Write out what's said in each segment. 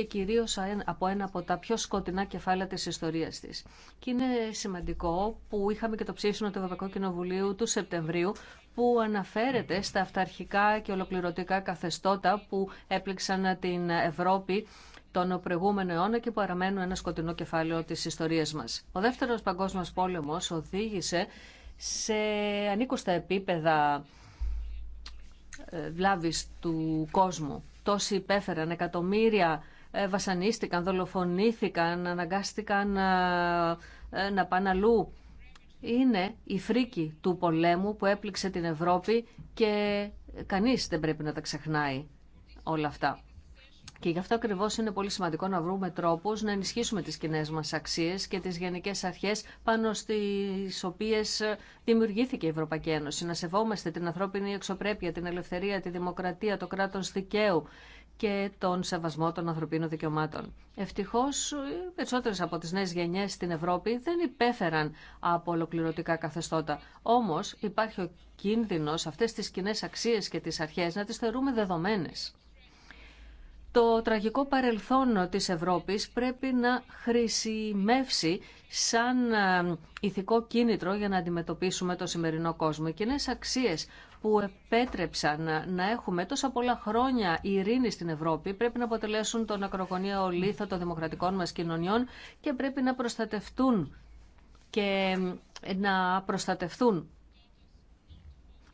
και κυρίως από ένα από τα πιο σκοτεινά κεφάλαια της ιστορίας της. Και είναι σημαντικό που είχαμε και το ψήφισμα του Ευρωπαϊκού Κοινοβουλίου του Σεπτεμβρίου που αναφέρεται στα αυταρχικά και ολοκληρωτικά καθεστώτα που έπληξαν την Ευρώπη τον προηγούμενο αιώνα και παραμένουν ένα σκοτεινό κεφάλαιο της ιστορίας μας. Ο δεύτερος παγκόσμιος πόλεμος οδήγησε σε ανήκουστα επίπεδα ε, βλάβης του κόσμου. Τόσοι υπέφεραν εκατομμύρια ε, βασανίστηκαν, δολοφονήθηκαν, αναγκάστηκαν ε, ε, να πάνε αλλού. Είναι η φρίκη του πολέμου που έπληξε την Ευρώπη και κανείς δεν πρέπει να τα ξεχνάει όλα αυτά. Και γι' αυτό ακριβώς είναι πολύ σημαντικό να βρούμε τρόπους να ενισχύσουμε τις κοινέ μας αξίες και τις γενικές αρχές πάνω στις οποίες δημιουργήθηκε η Ευρωπαϊκή Ένωση. Να σεβόμαστε την ανθρώπινη εξωπρέπεια, την ελευθερία, τη δημοκρατία, το κράτο δικαίου, και τον σεβασμό των ανθρωπίνων δικαιωμάτων. Ευτυχώ, οι περισσότερες από τις νέες γενιές στην Ευρώπη δεν υπέφεραν από ολοκληρωτικά καθεστώτα. Όμως, υπάρχει ο κίνδυνος αυτές τις κοινέ αξίες και τις αρχέ να τις θεωρούμε δεδομένες το τραγικό παρελθόν της Ευρώπης πρέπει να χρησιμεύσει σαν ε, ηθικό κίνητρο για να αντιμετωπίσουμε το σημερινό κόσμο. Οι κοινές αξίες που επέτρεψαν να έχουμε τόσα πολλά χρόνια ειρήνη στην Ευρώπη πρέπει να αποτελέσουν τον ακρογωνιαίο λίθο των δημοκρατικών μας κοινωνιών και πρέπει να προστατευτούν και ε, να προστατευτούν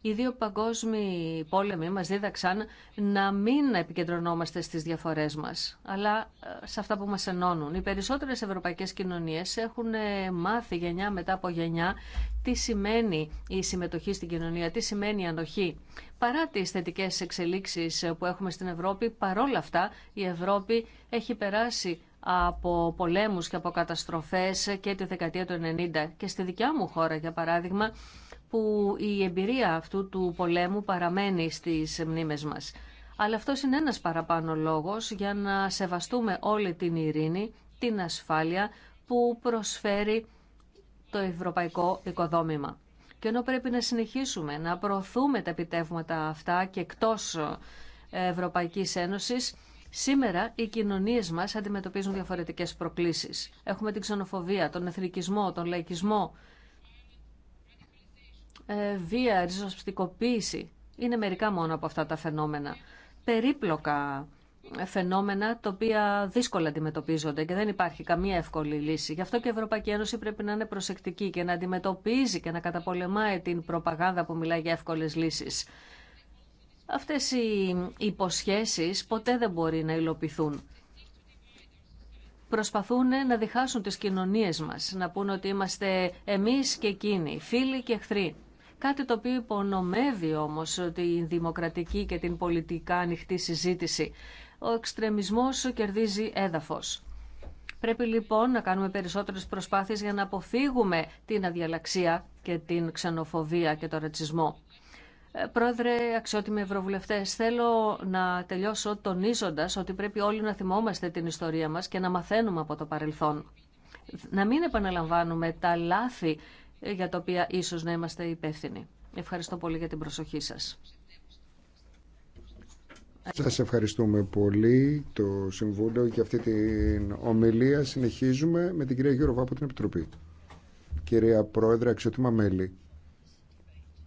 οι δύο παγκόσμιοι πόλεμοι μας δίδαξαν να μην επικεντρωνόμαστε στις διαφορές μας, αλλά ε, σε αυτά που μας ενώνουν. Οι περισσότερες ευρωπαϊκές κοινωνίες έχουν ε, μάθει γενιά μετά από γενιά τι σημαίνει η συμμετοχή στην κοινωνία, τι σημαίνει η ανοχή. Παρά τις θετικές εξελίξεις ε, που έχουμε στην Ευρώπη, παρόλα αυτά η Ευρώπη έχει περάσει από πολέμους και από καταστροφές και τη δεκαετία του 90. Και στη δικιά μου χώρα, για παράδειγμα, που η εμπειρία αυτού του πολέμου παραμένει στις μνήμες μας. Αλλά αυτό είναι ένας παραπάνω λόγος για να σεβαστούμε όλη την ειρήνη, την ασφάλεια που προσφέρει το ευρωπαϊκό οικοδόμημα. Και ενώ πρέπει να συνεχίσουμε να προωθούμε τα επιτεύγματα αυτά και εκτός Ευρωπαϊκής Ένωσης, Σήμερα οι κοινωνίες μας αντιμετωπίζουν διαφορετικές προκλήσεις. Έχουμε την ξενοφοβία, τον εθνικισμό, τον λαϊκισμό, ε, βία, ριζοσπιστικοποίηση Είναι μερικά μόνο από αυτά τα φαινόμενα. Περίπλοκα φαινόμενα τα οποία δύσκολα αντιμετωπίζονται και δεν υπάρχει καμία εύκολη λύση. Γι' αυτό και η Ευρωπαϊκή Ένωση πρέπει να είναι προσεκτική και να αντιμετωπίζει και να καταπολεμάει την προπαγάνδα που μιλάει για εύκολε λύσει. Αυτέ οι υποσχέσει ποτέ δεν μπορεί να υλοποιηθούν. Προσπαθούν να διχάσουν τις κοινωνίες μας, να πούν ότι είμαστε εμείς και εκείνοι, φίλοι και εχθροί. Κάτι το οποίο υπονομεύει όμως τη δημοκρατική και την πολιτικά ανοιχτή συζήτηση. Ο εξτρεμισμός κερδίζει έδαφος. Πρέπει λοιπόν να κάνουμε περισσότερες προσπάθειες για να αποφύγουμε την αδιαλαξία και την ξενοφοβία και τον ρατσισμό. Ε, πρόεδρε, αξιότιμοι ευρωβουλευτέ, θέλω να τελειώσω τονίζοντα ότι πρέπει όλοι να θυμόμαστε την ιστορία μα και να μαθαίνουμε από το παρελθόν. Να μην επαναλαμβάνουμε τα λάθη για τα οποία ίσως να είμαστε υπεύθυνοι. Ευχαριστώ πολύ για την προσοχή σας. Σας ευχαριστούμε πολύ το Συμβούλιο για αυτή την ομιλία. Συνεχίζουμε με την κυρία Γιώργο από την Επιτροπή. Κυρία Πρόεδρε, αξιότιμα μέλη.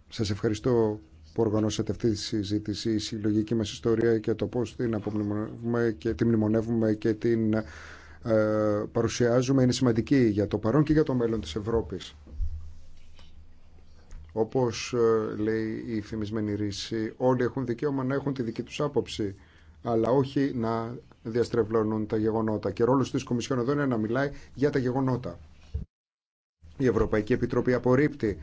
Σας ευχαριστώ που οργανώσατε αυτή τη συζήτηση, η συλλογική μας ιστορία και το πώς την απομνημονεύουμε και την μνημονεύουμε και την ε, παρουσιάζουμε είναι σημαντική για το παρόν και για το μέλλον της Ευρώπης. Όπως ε, λέει η φημισμένη ρίση, όλοι έχουν δικαίωμα να έχουν τη δική τους άποψη, αλλά όχι να διαστρεβλώνουν τα γεγονότα. Και ρόλος της Κομισιόν εδώ είναι να μιλάει για τα γεγονότα. Η Ευρωπαϊκή Επιτροπή απορρίπτει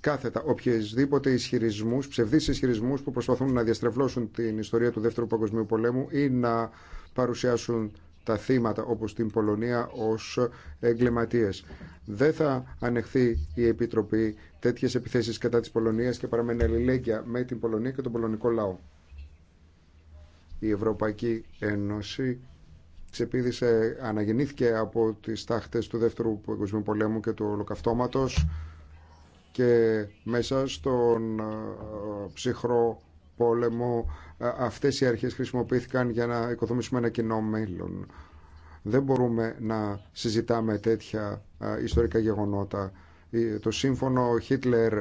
κάθετα οποιασδήποτε ισχυρισμού, ψευδεί ισχυρισμού που προσπαθούν να διαστρεβλώσουν την ιστορία του Δεύτερου Παγκοσμίου Πολέμου ή να παρουσιάσουν τα θύματα όπως την Πολωνία ως εγκληματίες. Δεν θα ανεχθεί η Επιτροπή τέτοιες επιθέσεις κατά της Πολωνίας και παραμένει αλληλέγγυα με την Πολωνία και τον πολωνικό λαό. Η Ευρωπαϊκή Ένωση ξεπίδησε, αναγεννήθηκε από τις τάχτες του Δεύτερου Παγκοσμίου Πολέμου και του Ολοκαυτώματος και μέσα στον ε, ψυχρό πόλεμο αυτές οι αρχές χρησιμοποιήθηκαν για να οικοδομήσουμε ένα κοινό μέλλον. Δεν μπορούμε να συζητάμε τέτοια ιστορικά γεγονότα. Το σύμφωνο Χίτλερ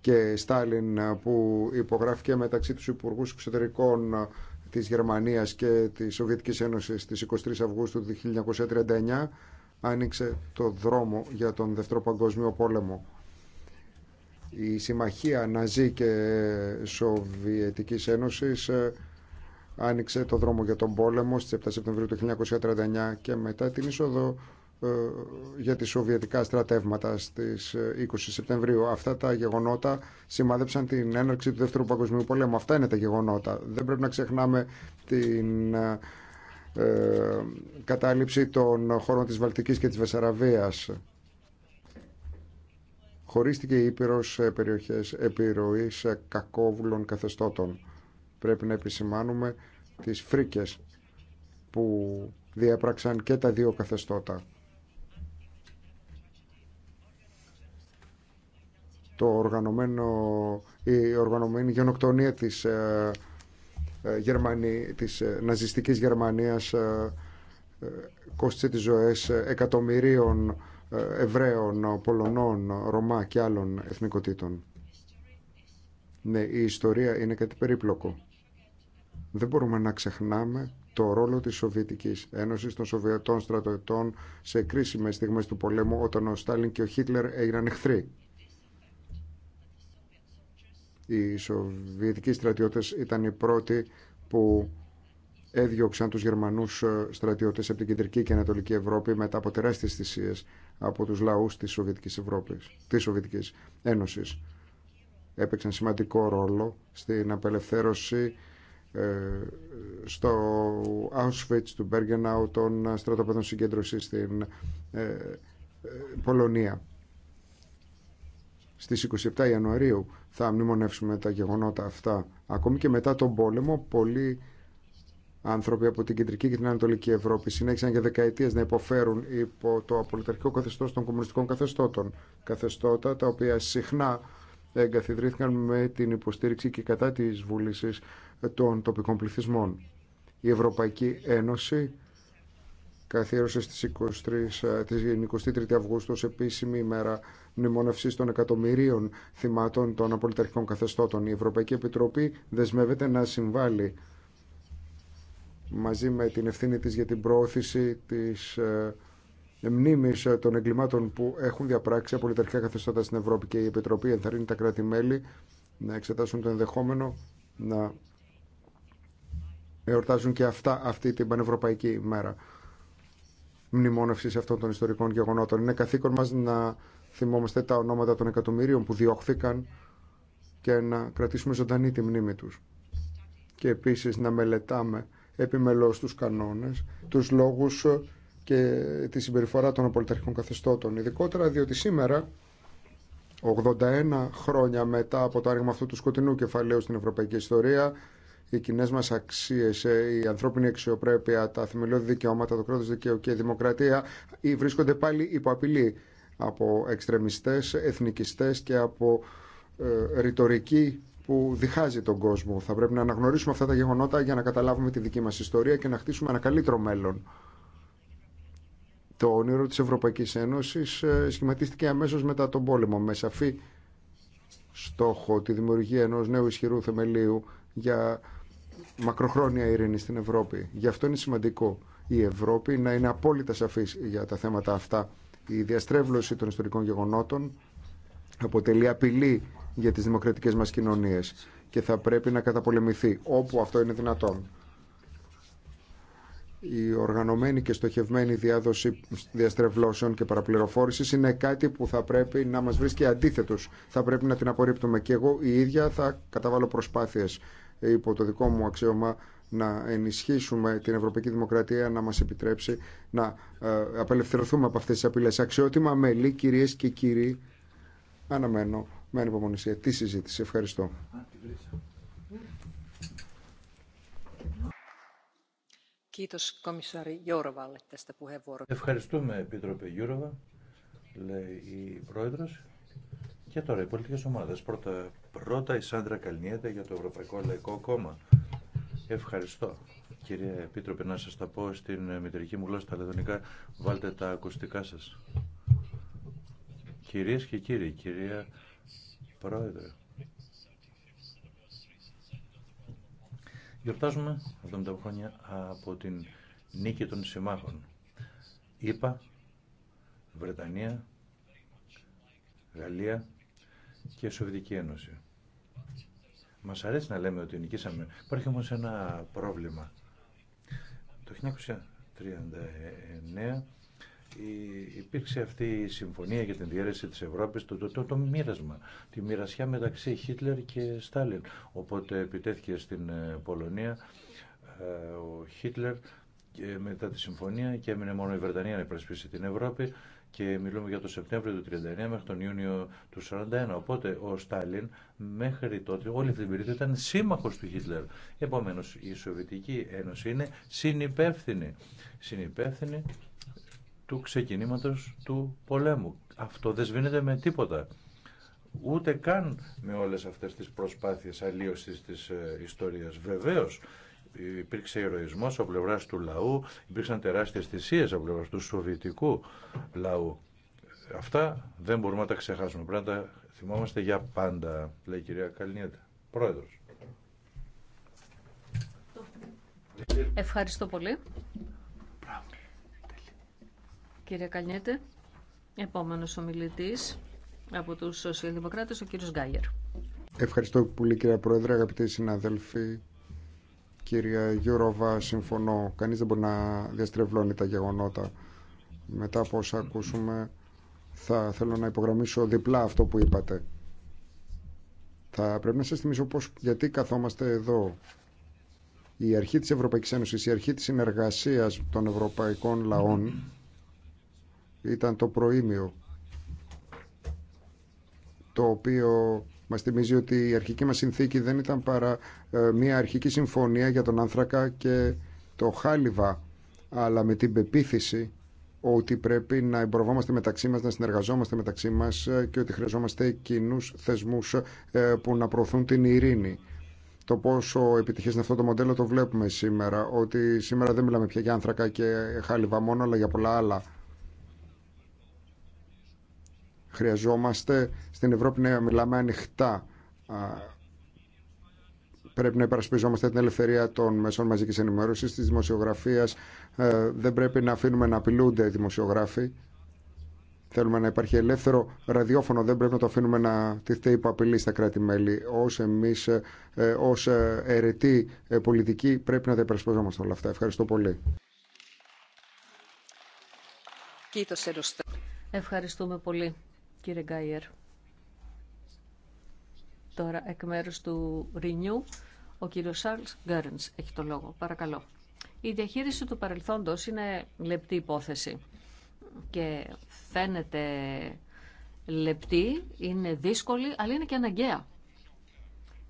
και Στάλιν που υπογράφηκε μεταξύ τους Υπουργού Εξωτερικών της Γερμανίας και της Σοβιετικής Ένωσης στις 23 Αυγούστου του 1939 άνοιξε το δρόμο για τον Δεύτερο Παγκόσμιο Πόλεμο η συμμαχία Ναζί και Σοβιετικής Ένωσης ε, άνοιξε το δρόμο για τον πόλεμο στις 7 Σεπτεμβρίου του 1939 και μετά την είσοδο ε, για τις σοβιετικά στρατεύματα στις 20 ε, Σεπτεμβρίου. Αυτά τα γεγονότα σημάδεψαν την έναρξη του Δεύτερου Παγκοσμίου Πολέμου. Αυτά είναι τα γεγονότα. Δεν πρέπει να ξεχνάμε την κατάληψη των χωρών της Βαλτικής και της Βεσαραβίας χωρίστηκε η Ήπειρος σε περιοχές επιρροής ε, κακόβουλων καθεστώτων. Πρέπει να επισημάνουμε τις φρίκες που διέπραξαν και τα δύο καθεστώτα. Το οργανωμένο, η οργανωμένη γενοκτονία της, ε, ε της ε, ναζιστικής Γερμανίας ε, τις ζωές εκατομμυρίων ε, Εβραίων, Πολωνών, Ρωμά και άλλων εθνικοτήτων. Ναι, η ιστορία είναι κάτι περίπλοκο. Δεν μπορούμε να ξεχνάμε το ρόλο της Σοβιετικής Ένωσης των Σοβιετών στρατοετών σε κρίσιμες στιγμές του πολέμου όταν ο Στάλιν και ο Χίτλερ έγιναν εχθροί. Οι Σοβιετικοί στρατιώτες ήταν οι πρώτοι που έδιωξαν τους Γερμανούς ε, στρατιώτες από την Κεντρική και Ανατολική Ευρώπη μετά από τεράστιες θυσίες από τους λαούς της Σοβιετικής, Ευρώπης, της Σοβιετικής Ένωσης. Έπαιξαν σημαντικό ρόλο στην απελευθέρωση ε, στο Auschwitz του Μπέργεναου των στρατοπέδων συγκέντρωσης στην ε, Πολωνία. Στις 27 Ιανουαρίου θα μνημονεύσουμε τα γεγονότα αυτά. Ακόμη και μετά τον πόλεμο, πολλοί άνθρωποι από την κεντρική και την ανατολική Ευρώπη συνέχισαν για δεκαετίες να υποφέρουν υπό το απολυταρχικό καθεστώς των κομμουνιστικών καθεστώτων. Καθεστώτα τα οποία συχνά εγκαθιδρύθηκαν με την υποστήριξη και κατά τη βούληση των τοπικών πληθυσμών. Η Ευρωπαϊκή Ένωση καθιέρωσε στις 23, της 23 Αυγούστου ως επίσημη ημέρα μνημονευσής των εκατομμυρίων θυμάτων των απολυταρχικών καθεστώτων. Η Ευρωπαϊκή Επιτροπή δεσμεύεται να συμβάλλει μαζί με την ευθύνη της για την προώθηση της ε, μνήμη ε, των εγκλημάτων που έχουν διαπράξει από λιταρχικά καθεστώτα στην Ευρώπη και η Επιτροπή ενθαρρύνει τα κράτη-μέλη να εξετάσουν το ενδεχόμενο να εορτάζουν και αυτά αυτή την πανευρωπαϊκή Μέρα μνημόνευσης αυτών των ιστορικών γεγονότων. Είναι καθήκον μας να θυμόμαστε τα ονόματα των εκατομμύριων που διώχθηκαν και να κρατήσουμε ζωντανή τη μνήμη τους. Και επίσης να μελετάμε επιμελώς τους κανόνες, τους λόγους ε, και τη συμπεριφορά των απολυταρχικών καθεστώτων. Ειδικότερα διότι σήμερα, 81 χρόνια μετά από το άνοιγμα αυτού του σκοτεινού κεφαλαίου στην ευρωπαϊκή ιστορία, οι κοινέ μα αξίε, ε, η ανθρώπινη αξιοπρέπεια, τα θεμελιώδη δικαιώματα, το κράτο δικαίου και η δημοκρατία ε, βρίσκονται πάλι υπό απειλή από εξτρεμιστέ, εθνικιστέ και από ε, ρητορική που διχάζει τον κόσμο. Θα πρέπει να αναγνωρίσουμε αυτά τα γεγονότα για να καταλάβουμε τη δική μας ιστορία και να χτίσουμε ένα καλύτερο μέλλον. Το όνειρο της Ευρωπαϊκής Ένωσης ε, σχηματίστηκε αμέσως μετά τον πόλεμο με σαφή στόχο τη δημιουργία ενός νέου ισχυρού θεμελίου για μακροχρόνια ειρήνη στην Ευρώπη. Γι' αυτό είναι σημαντικό η Ευρώπη να είναι απόλυτα σαφής για τα θέματα αυτά. Η διαστρέβλωση των ιστορικών γεγονότων αποτελεί απειλή για τις δημοκρατικές μας κοινωνίες και θα πρέπει να καταπολεμηθεί όπου αυτό είναι δυνατόν. Η οργανωμένη και στοχευμένη διάδοση διαστρεβλώσεων και παραπληροφόρησης είναι κάτι που θα πρέπει να μας βρίσκει αντίθετος. Θα πρέπει να την απορρίπτουμε και εγώ η ίδια θα καταβάλω προσπάθειες υπό το δικό μου αξίωμα να ενισχύσουμε την Ευρωπαϊκή Δημοκρατία να μας επιτρέψει να ε, απελευθερωθούμε από αυτές τις απειλές. Αξιότιμα μελή, κυρίες και κύριοι, αναμένω με ανυπομονησία τη συζήτηση. Ευχαριστώ. Ευχαριστούμε, Επίτροπε Γιούροβα, λέει η Πρόεδρος. Και τώρα οι πολιτικέ ομάδε. Πρώτα, πρώτα η Σάντρα Καλνιέτα για το Ευρωπαϊκό Λαϊκό Κόμμα. Ευχαριστώ. κύριε Επίτροπε, να σας τα πω στην μητρική μου γλώσσα, τα λεδονικά. Βάλτε τα ακουστικά σας. Κυρίες και κύριοι, κυρία Πρόεδρε, γιορτάζουμε 70 χρόνια από την νίκη των συμμάχων. Είπα, Βρετανία, Γαλλία και Σοβιτική Ένωση. Μας αρέσει να λέμε ότι νικήσαμε. Υπάρχει όμως ένα πρόβλημα. Το 1939 υπήρξε αυτή η συμφωνία για την διαίρεση της Ευρώπης, το, το, το, το μοίρασμα, τη μοιρασιά μεταξύ Χίτλερ και Στάλιν. Οπότε επιτέθηκε στην ε, Πολωνία ε, ο Χίτλερ ε, μετά τη συμφωνία και έμεινε μόνο η Βρετανία να υπερασπίσει την Ευρώπη και μιλούμε για το Σεπτέμβριο του 1939 μέχρι τον Ιούνιο του 1941. Οπότε ο Στάλιν μέχρι τότε όλη αυτή την περίοδο ήταν σύμμαχος του Χίτλερ. Επομένως η Σοβιετική Ένωση είναι συνυπεύθυνη. Συνυπεύθυνη του ξεκινήματος του πολέμου. Αυτό δεν σβήνεται με τίποτα. Ούτε καν με όλες αυτές τις προσπάθειες αλλίωσης της ε, ιστορίας. Βεβαίως υπήρξε ηρωισμός από πλευράς του λαού, υπήρξαν τεράστιες θυσίες από πλευράς του σοβιετικού λαού. Αυτά δεν μπορούμε να τα ξεχάσουμε. Πρέπει να τα θυμόμαστε για πάντα, λέει η κυρία Καλνιέτα, πρόεδρος. Ευχαριστώ πολύ κύριε Καλνιέτε. Επόμενος ομιλητής από τους Σοσιαλδημοκράτες, ο κύριος Γκάγερ. Ευχαριστώ πολύ κύριε Πρόεδρε, αγαπητοί συναδέλφοι. Κυρία Γιούροβα, συμφωνώ. Κανείς δεν μπορεί να διαστρεβλώνει τα γεγονότα. Μετά από όσα ακούσουμε, θα θέλω να υπογραμμίσω διπλά αυτό που είπατε. Θα πρέπει να σας θυμίσω γιατί καθόμαστε εδώ. Η αρχή της Ευρωπαϊκής Ένωσης, η αρχή της συνεργασίας των ευρωπαϊκών λαών ήταν το προήμιο το οποίο μας θυμίζει ότι η αρχική μας συνθήκη δεν ήταν παρά ε, μια αρχική συμφωνία για τον άνθρακα και το χάλιβα αλλά με την πεποίθηση ότι πρέπει να εμπορευόμαστε μεταξύ μας, να συνεργαζόμαστε μεταξύ μας ε, και ότι χρειαζόμαστε κοινού θεσμούς ε, που να προωθούν την ειρήνη. Το πόσο επιτυχές είναι αυτό το μοντέλο το βλέπουμε σήμερα, ότι σήμερα δεν μιλάμε πια για άνθρακα και χάλιβα μόνο, αλλά για πολλά άλλα Χρειαζόμαστε στην Ευρώπη να μιλάμε ανοιχτά. Πρέπει να υπερασπιζόμαστε την ελευθερία των μέσων μαζική ενημέρωση τη δημοσιογραφίας. Ε, δεν πρέπει να αφήνουμε να απειλούνται οι δημοσιογράφοι. Θέλουμε να υπάρχει ελεύθερο ραδιόφωνο, δεν πρέπει να το αφήνουμε να τίθεται υπό απειλή στα κράτη-μέλη. Ω εμεί, ε, ε, ω αιρετοί πολιτικοί, πρέπει να τα υπερασπιζόμαστε όλα αυτά. Ευχαριστώ πολύ. Ευχαριστούμε πολύ κύριε Γκάιερ. Τώρα εκ μέρους του Renew, ο κύριος Σάρλς Γκέρνς έχει το λόγο. Παρακαλώ. Η διαχείριση του παρελθόντος είναι λεπτή υπόθεση και φαίνεται λεπτή, είναι δύσκολη, αλλά είναι και αναγκαία.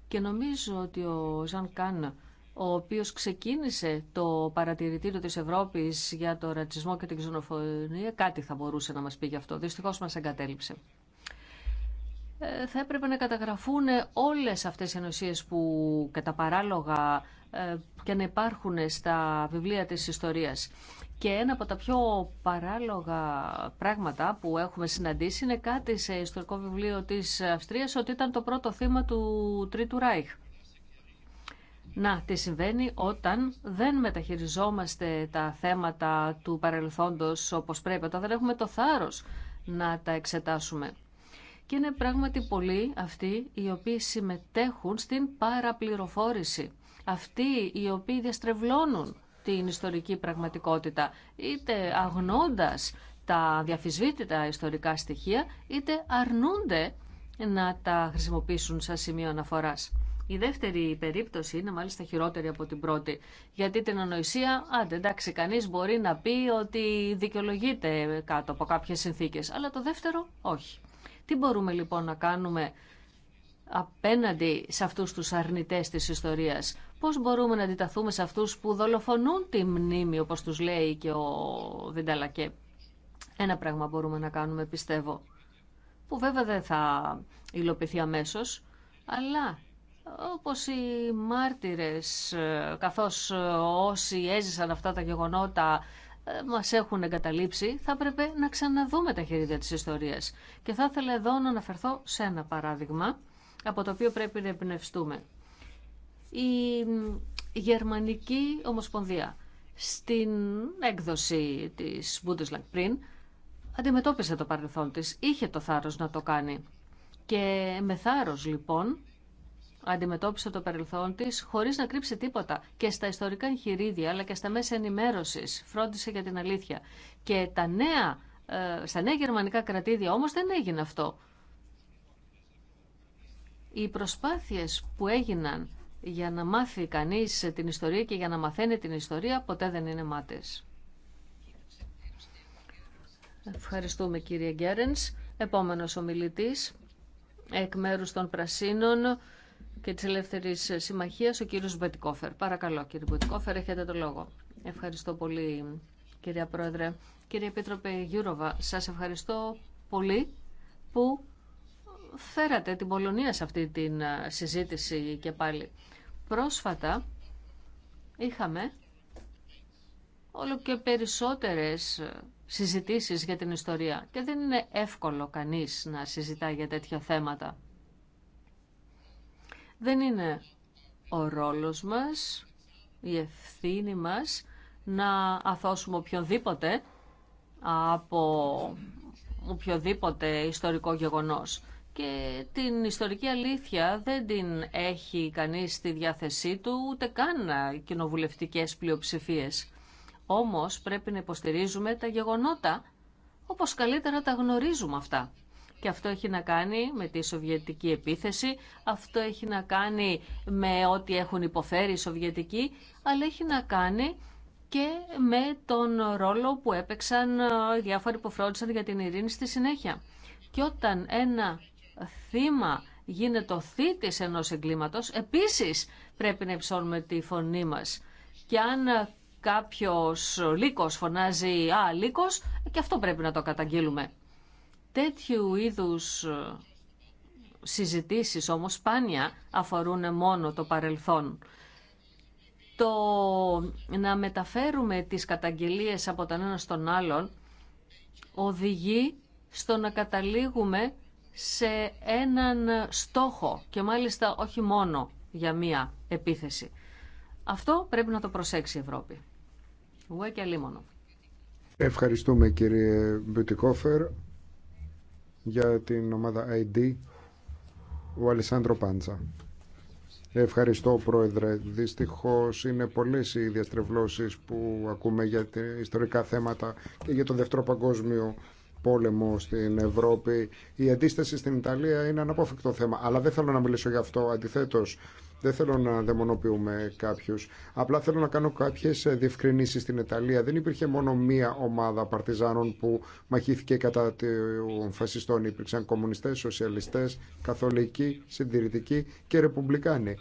Και νομίζω ότι ο Ζαν Κάν ο οποίος ξεκίνησε το παρατηρητήριο της Ευρώπης για το ρατσισμό και την ξενοφωνία, κάτι θα μπορούσε να μας πει γι' αυτό. Δυστυχώς μας εγκατέλειψε. Ε, θα έπρεπε να καταγραφούν όλες αυτές οι ενωσίες που κατά παράλογα ε, και να υπάρχουν στα βιβλία της ιστορίας. Και ένα από τα πιο παράλογα πράγματα που έχουμε συναντήσει είναι κάτι σε ιστορικό βιβλίο της Αυστρίας ότι ήταν το πρώτο θύμα του Τρίτου Ράιχ. Να, τι συμβαίνει όταν δεν μεταχειριζόμαστε τα θέματα του παρελθόντος όπως πρέπει, όταν δεν έχουμε το θάρρος να τα εξετάσουμε. Και είναι πράγματι πολλοί αυτοί οι οποίοι συμμετέχουν στην παραπληροφόρηση. Αυτοί οι οποίοι διαστρεβλώνουν την ιστορική πραγματικότητα, είτε αγνώντας τα διαφυσβήτητα ιστορικά στοιχεία, είτε αρνούνται να τα χρησιμοποιήσουν σαν σημείο αναφοράς. Η δεύτερη περίπτωση είναι μάλιστα χειρότερη από την πρώτη. Γιατί την ανοησία, άντε εντάξει, κανεί μπορεί να πει ότι δικαιολογείται κάτω από κάποιε συνθήκε. Αλλά το δεύτερο, όχι. Τι μπορούμε λοιπόν να κάνουμε απέναντι σε αυτούς τους αρνητές της ιστορίας. Πώς μπορούμε να αντιταθούμε σε αυτούς που δολοφονούν τη μνήμη, όπως τους λέει και ο Βινταλακέ. Ένα πράγμα μπορούμε να κάνουμε, πιστεύω, που βέβαια δεν θα υλοποιηθεί αμέσω, αλλά όπως οι μάρτυρες, ε, καθώς ε, όσοι έζησαν αυτά τα γεγονότα ε, μας έχουν εγκαταλείψει, θα έπρεπε να ξαναδούμε τα χέρια της ιστορίας. Και θα ήθελα εδώ να αναφερθώ σε ένα παράδειγμα, από το οποίο πρέπει να εμπνευστούμε. Η Γερμανική Ομοσπονδία στην έκδοση της Bundesland πριν αντιμετώπισε το παρελθόν της, είχε το θάρρος να το κάνει. Και με θάρρος λοιπόν αντιμετώπισε το παρελθόν της χωρίς να κρύψει τίποτα και στα ιστορικά εγχειρίδια αλλά και στα μέσα ενημέρωσης φρόντισε για την αλήθεια. Και τα νέα, ε, στα νέα γερμανικά κρατήδια όμως δεν έγινε αυτό. Οι προσπάθειες που έγιναν για να μάθει κανείς την ιστορία και για να μαθαίνει την ιστορία ποτέ δεν είναι μάτες. Ευχαριστούμε κύριε Γκέρενς. Επόμενος ομιλητής εκ μέρους των Πρασίνων και της Ελεύθερης Συμμαχίας, ο κύριος Μπετικόφερ. Παρακαλώ κύριε Μπετικόφερ, έχετε το λόγο. Ευχαριστώ πολύ κυρία Πρόεδρε. Κύριε Επίτροπε Γιούροβα, σας ευχαριστώ πολύ που φέρατε την Πολωνία σε αυτή την συζήτηση και πάλι. Πρόσφατα είχαμε όλο και περισσότερες συζητήσεις για την ιστορία και δεν είναι εύκολο κανείς να συζητά για τέτοια θέματα. Δεν είναι ο ρόλος μας, η ευθύνη μας να αθώσουμε οποιονδήποτε από οποιοδήποτε ιστορικό γεγονός. Και την ιστορική αλήθεια δεν την έχει κανείς στη διάθεσή του ούτε καν κοινοβουλευτικές πλειοψηφίες. Όμως πρέπει να υποστηρίζουμε τα γεγονότα όπως καλύτερα τα γνωρίζουμε αυτά. Και αυτό έχει να κάνει με τη Σοβιετική επίθεση, αυτό έχει να κάνει με ό,τι έχουν υποφέρει οι Σοβιετικοί, αλλά έχει να κάνει και με τον ρόλο που έπαιξαν ε, οι διάφοροι που φρόντισαν για την ειρήνη στη συνέχεια. Και όταν ένα θύμα γίνεται ο θήτης ενός εγκλήματος, επίσης πρέπει να υψώνουμε τη φωνή μας. Και αν κάποιος λύκος φωνάζει «Α, λύκος», και αυτό πρέπει να το καταγγείλουμε. Τέτοιου είδους ε, συζητήσεις όμως σπάνια αφορούν μόνο το παρελθόν. Το να μεταφέρουμε τις καταγγελίες από τον ένα στον άλλον οδηγεί στο να καταλήγουμε σε έναν στόχο και μάλιστα όχι μόνο για μία επίθεση. Αυτό πρέπει να το προσέξει η Ευρώπη. Εγώ και Ευχαριστούμε κύριε Μπιουτικόφερ για την ομάδα ID ο Αλισάνδρο Πάντσα. Ευχαριστώ Πρόεδρε. Δυστυχώς είναι πολλές οι διαστρεβλώσεις που ακούμε για ιστορικά θέματα και για τον Δεύτερο Παγκόσμιο Πόλεμο στην Ευρώπη. Η αντίσταση στην Ιταλία είναι αναπόφευκτο θέμα, αλλά δεν θέλω να μιλήσω γι' αυτό. Αντιθέτως, δεν θέλω να δαιμονοποιούμε κάποιους. Απλά θέλω να κάνω κάποιε διευκρινήσει στην Ιταλία. Δεν υπήρχε μόνο μία ομάδα παρτιζάνων που μαχήθηκε κατά των φασιστών. Υπήρξαν κομμουνιστέ, σοσιαλιστέ, καθολικοί, συντηρητικοί και ρεπουμπλικάνοι.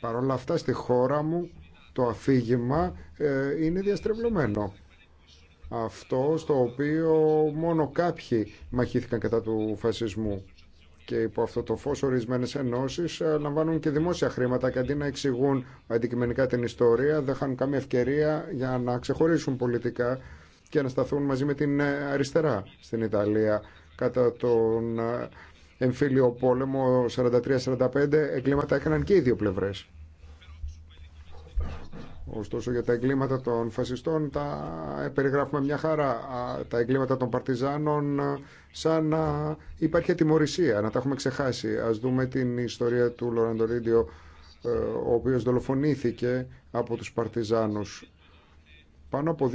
Παρ' όλα αυτά στη χώρα μου το αφήγημα ε, είναι διαστρεβλωμένο. Αυτό στο οποίο μόνο κάποιοι μαχήθηκαν κατά του φασισμού και υπό αυτό το φως ορισμένες ενώσεις ε, λαμβάνουν και δημόσια χρήματα και αντί να εξηγούν αντικειμενικά την ιστορία δεν χάνουν καμία ευκαιρία για να ξεχωρίσουν πολιτικά και να σταθούν μαζί με την ε, αριστερά στην Ιταλία κατά τον ε, εμφύλιο πόλεμο 43-45 εγκλήματα έκαναν και οι δύο πλευρές. Ωστόσο για τα εγκλήματα των φασιστών τα ε, περιγράφουμε μια χαρά. Τα εγκλήματα των παρτιζάνων σαν να υπάρχει ατιμορρησία, να τα έχουμε ξεχάσει. Ας δούμε την ιστορία του Λοραντορίντιο, ε, ο οποίος δολοφονήθηκε από τους παρτιζάνους. Πάνω από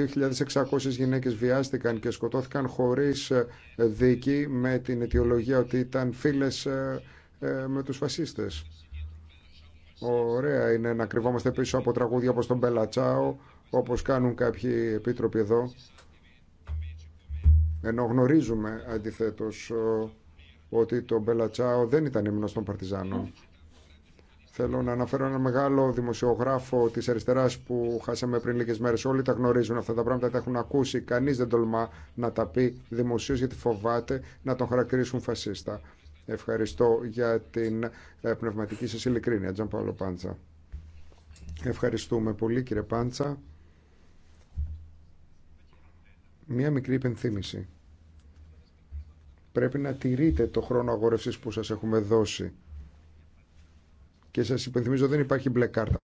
2.600 γυναίκες βιάστηκαν και σκοτώθηκαν χωρίς ε, δίκη με την αιτιολογία ότι ήταν φίλες με τους φασίστες. Ωραία είναι να κρυβόμαστε πίσω από τραγούδια όπως τον Μπελατσάο, όπως κάνουν κάποιοι επίτροποι εδώ. Ενώ γνωρίζουμε αντιθέτως ε, ότι το Μπελατσάο δεν ήταν ύμνος των Παρτιζάνων. Θέλω να αναφέρω ένα μεγάλο δημοσιογράφο τη αριστερά που χάσαμε πριν λίγε μέρε. Όλοι τα γνωρίζουν αυτά τα πράγματα, τα έχουν ακούσει. Κανεί δεν τολμά να τα πει δημοσίω γιατί φοβάται να τον χαρακτηρίσουν φασίστα. Ευχαριστώ για την ε, πνευματική σας ειλικρίνεια, Τζαν Παύλο Πάντσα. Ευχαριστούμε πολύ, κύριε Πάντσα. Μία μικρή υπενθύμηση. Πρέπει να τηρείτε το χρόνο αγόρευσης που σας έχουμε δώσει. Και σας υπενθυμίζω δεν υπάρχει μπλε κάρτα.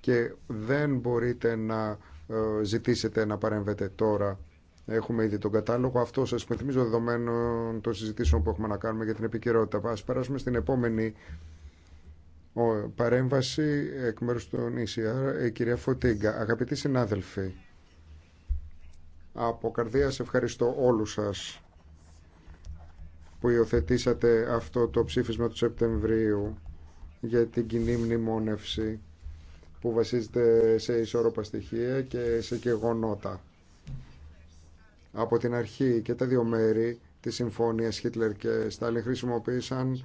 Και δεν μπορείτε να ε, ζητήσετε να παρέμβετε τώρα Έχουμε ήδη τον κατάλογο. Αυτό σα υπενθυμίζω δεδομένων των συζητήσεων που έχουμε να κάνουμε για την επικαιρότητα. Α περάσουμε στην επόμενη παρέμβαση εκ μέρου των ECR, η κυρία Φωτίγκα. Αγαπητοί συνάδελφοι, από σας ευχαριστώ όλους σας που υιοθετήσατε αυτό το ψήφισμα του Σεπτεμβρίου για την κοινή μνημόνευση που βασίζεται σε ισόρροπα στοιχεία και σε γεγονότα. Από την αρχή και τα δύο μέρη της συμφωνίας Χίτλερ και Στάλιν χρησιμοποίησαν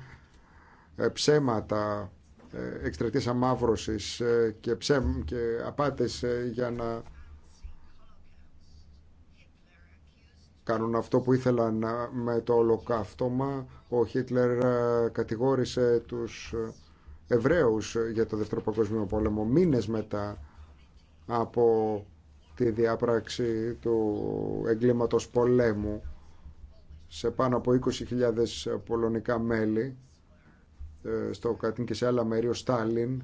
ε, ψέματα, ε, εκτρετής αμαύρωσης ε, και, ψέμ και απάτες για να κάνουν αυτό που ήθελαν με το ολοκαύτωμα. Ο Χίτλερ κατηγόρησε τους Εβραίους για το Δεύτερο Παγκόσμιο Πόλεμο μήνες μετά από τη διάπραξη του εγκλήματος πολέμου σε πάνω από 20.000 πολωνικά μέλη ε, στο Κατίν και σε άλλα μέρη ο Στάλιν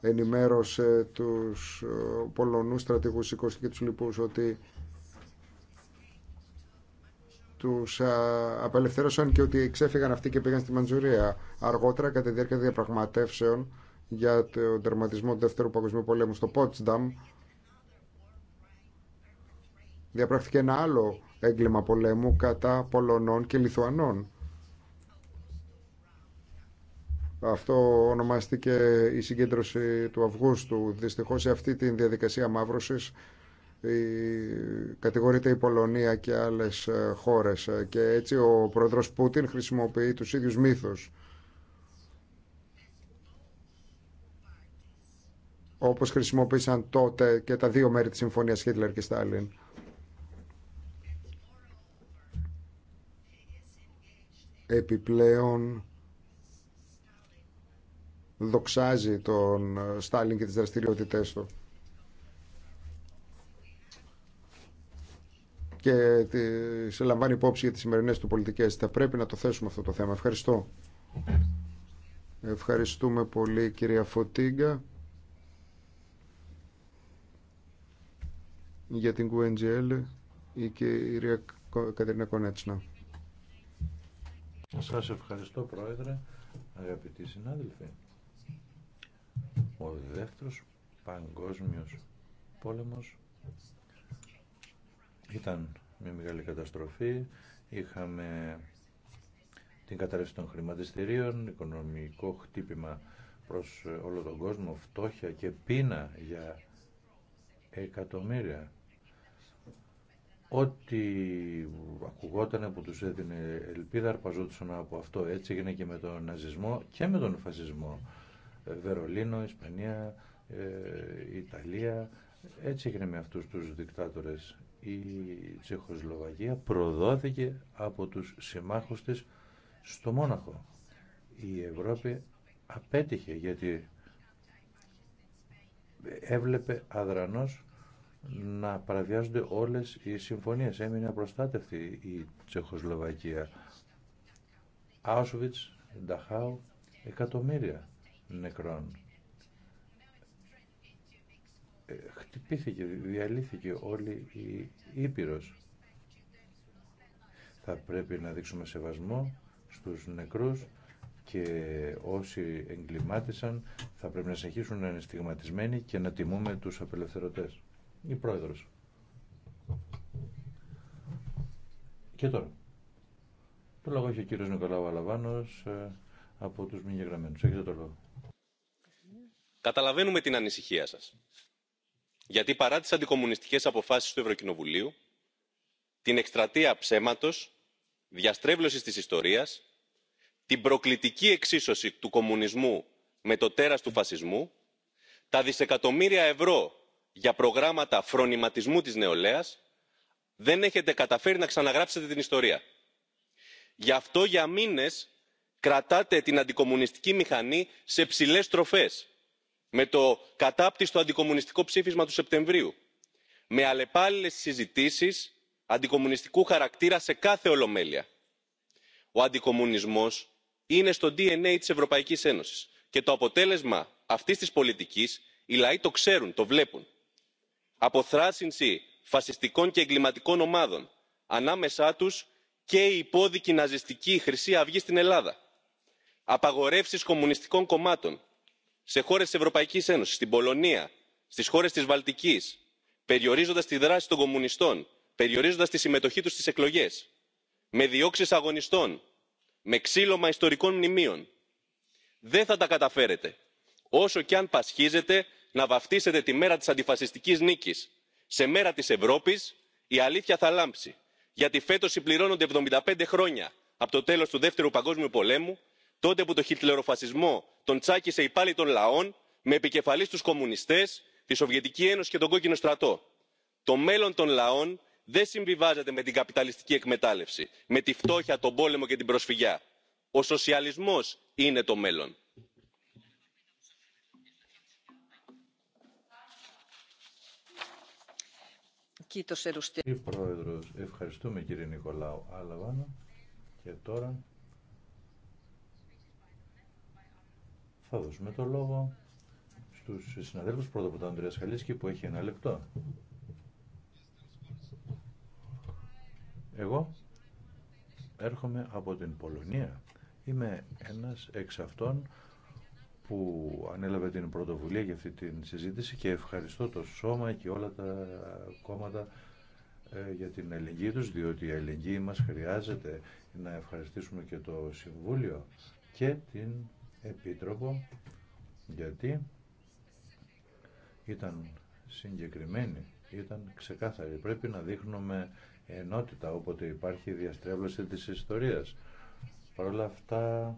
ενημέρωσε τους ε, Πολωνούς στρατηγούς 20 και τους λοιπούς ότι τους ε, απελευθέρωσαν και ότι ξέφυγαν αυτοί και πήγαν στη Μαντζουρία αργότερα κατά τη διάρκεια διαπραγματεύσεων για τον τερματισμό του Δεύτερου Παγκοσμίου Πολέμου στο Πότσνταμ διαπράχθηκε ένα άλλο έγκλημα πολέμου κατά Πολωνών και Λιθουανών. Αυτό ονομάστηκε η συγκέντρωση του Αυγούστου. Δυστυχώς σε αυτή τη διαδικασία μαύρωσης κατηγορείται η Πολωνία και άλλες ε, χώρες και έτσι ο πρόεδρος Πούτιν χρησιμοποιεί τους ίδιους μύθους. όπως χρησιμοποίησαν τότε και τα δύο μέρη της συμφωνίας Χίτλερ και Στάλιν. επιπλέον δοξάζει τον Στάλιν και τις δραστηριότητές του και σε λαμβάνει υπόψη για τις σημερινές του πολιτικές. Θα πρέπει να το θέσουμε αυτό το θέμα. Ευχαριστώ. Ευχαριστούμε πολύ κυρία Φωτίγκα για την QNGL ή κυρία Κατερίνα Κονέτσνα. Σας ευχαριστώ Πρόεδρε, αγαπητοί συνάδελφοι. Ο δεύτερος παγκόσμιος πόλεμος ήταν μια μεγάλη καταστροφή. Είχαμε την καταρρεύση των χρηματιστηρίων, οικονομικό χτύπημα προς όλο τον κόσμο, φτώχεια και πείνα για εκατομμύρια ό,τι ακουγόταν που τους έδινε ελπίδα αρπαζόντουσαν από αυτό. Έτσι έγινε και με τον ναζισμό και με τον φασισμό. Ε, Βερολίνο, Ισπανία, ε, Ιταλία. Έτσι έγινε με αυτούς τους δικτάτορες. Η Τσεχοσλοβακία προδόθηκε από τους συμμάχους της στο Μόναχο. Η Ευρώπη απέτυχε γιατί έβλεπε αδρανός να παραβιάζονται όλες οι συμφωνίες. Έμεινε απροστάτευτη η Τσεχοσλοβακία. Άουσβιτς, Νταχάου, εκατομμύρια νεκρών. Ε, χτυπήθηκε, διαλύθηκε όλη η Ήπειρος. Θα πρέπει να δείξουμε σεβασμό στους νεκρούς και όσοι εγκλημάτισαν θα πρέπει να συνεχίσουν να είναι στιγματισμένοι και να τιμούμε τους απελευθερωτές η πρόεδρος. Και τώρα. Το λόγο έχει ο κύριος Νικολάου Αλαβάνος ε, από τους μη γεγραμμένους. Έχετε το λόγο. Καταλαβαίνουμε την ανησυχία σας. Γιατί παρά τις αντικομουνιστικές αποφάσεις του Ευρωκοινοβουλίου, την εκστρατεία ψέματος, διαστρέβλωσης της ιστορίας, την προκλητική εξίσωση του κομμουνισμού με το τέρας του φασισμού, τα δισεκατομμύρια ευρώ για προγράμματα φρονηματισμού της νεολαίας δεν έχετε καταφέρει να ξαναγράψετε την ιστορία. γι' αυτό για μήνες κρατάτε την αντικομουνιστική μηχανή σε ψηλές τροφές με το κατάπτυστο αντικομουνιστικό ψήφισμα του σεπτεμβρίου με αλλεπάλληλες συζητήσεις αντικομουνιστικού χαρακτήρα σε κάθε ολομέλεια. ο αντικομουνισμός είναι στο dna της ευρωπαϊκής ένωσης και το αποτέλεσμα αυτής της πολιτικής οι λαοί το ξέρουν το βλέπουν αποθράσινση φασιστικών και εγκληματικών ομάδων ανάμεσά τους και η υπόδικη ναζιστική χρυσή αυγή στην ελλάδα απαγορεύσεις κομμουνιστικών κομμάτων σε χώρες της ευρωπαϊκής ένωσης στην πολωνία στις χώρες της βαλτικής περιορίζοντας τη δράση των κομμουνιστών περιορίζοντας τη συμμετοχή τους στις εκλογές με διώξεις αγωνιστών με ξύλωμα ιστορικών μνημείων. δεν θα τα καταφέρετε όσο και αν πασχίζετε να βαφτίσετε τη μέρα της αντιφασιστικής νίκης. σε μέρα της ευρώπης η αλήθεια θα λάμψει γιατί φέτος συμπληρώνονται 75 χρόνια από το τέλος του δεύτερου παγκόσμιου πολέμου τότε που το χιτλεροφασισμό τον τσάκισε υπάλληλοι των λαών με επικεφαλής τους κομμουνιστές τη σοβιετική ένωση και τον κόκκινο στρατό. το μέλλον των λαών δεν συμβιβάζεται με την καπιταλιστική εκμετάλλευση με τη φτώχεια τον πόλεμο και την προσφυγιά. ο σοσιαλισμός είναι το μέλλον. Κύριε Πρόεδρο, ευχαριστούμε κύριε Νικολάου Αλαβάνο και τώρα θα δώσουμε το λόγο στου συναδέλφου πρώτα από τον Αντρέα Χαλίσκη που έχει ένα λεπτό. Εγώ έρχομαι από την Πολωνία. Είμαι ένας εξ αυτών που ανέλαβε την πρωτοβουλία για αυτή την συζήτηση και ευχαριστώ το Σώμα και όλα τα κόμματα ε, για την αλληλεγγύη τους, διότι η αλληλεγγύη μας χρειάζεται να ευχαριστήσουμε και το Συμβούλιο και την Επίτροπο, γιατί ήταν συγκεκριμένη, ήταν ξεκάθαρη. Πρέπει να δείχνουμε ενότητα όποτε υπάρχει διαστρέβλωση της ιστορίας. Παρ' όλα αυτά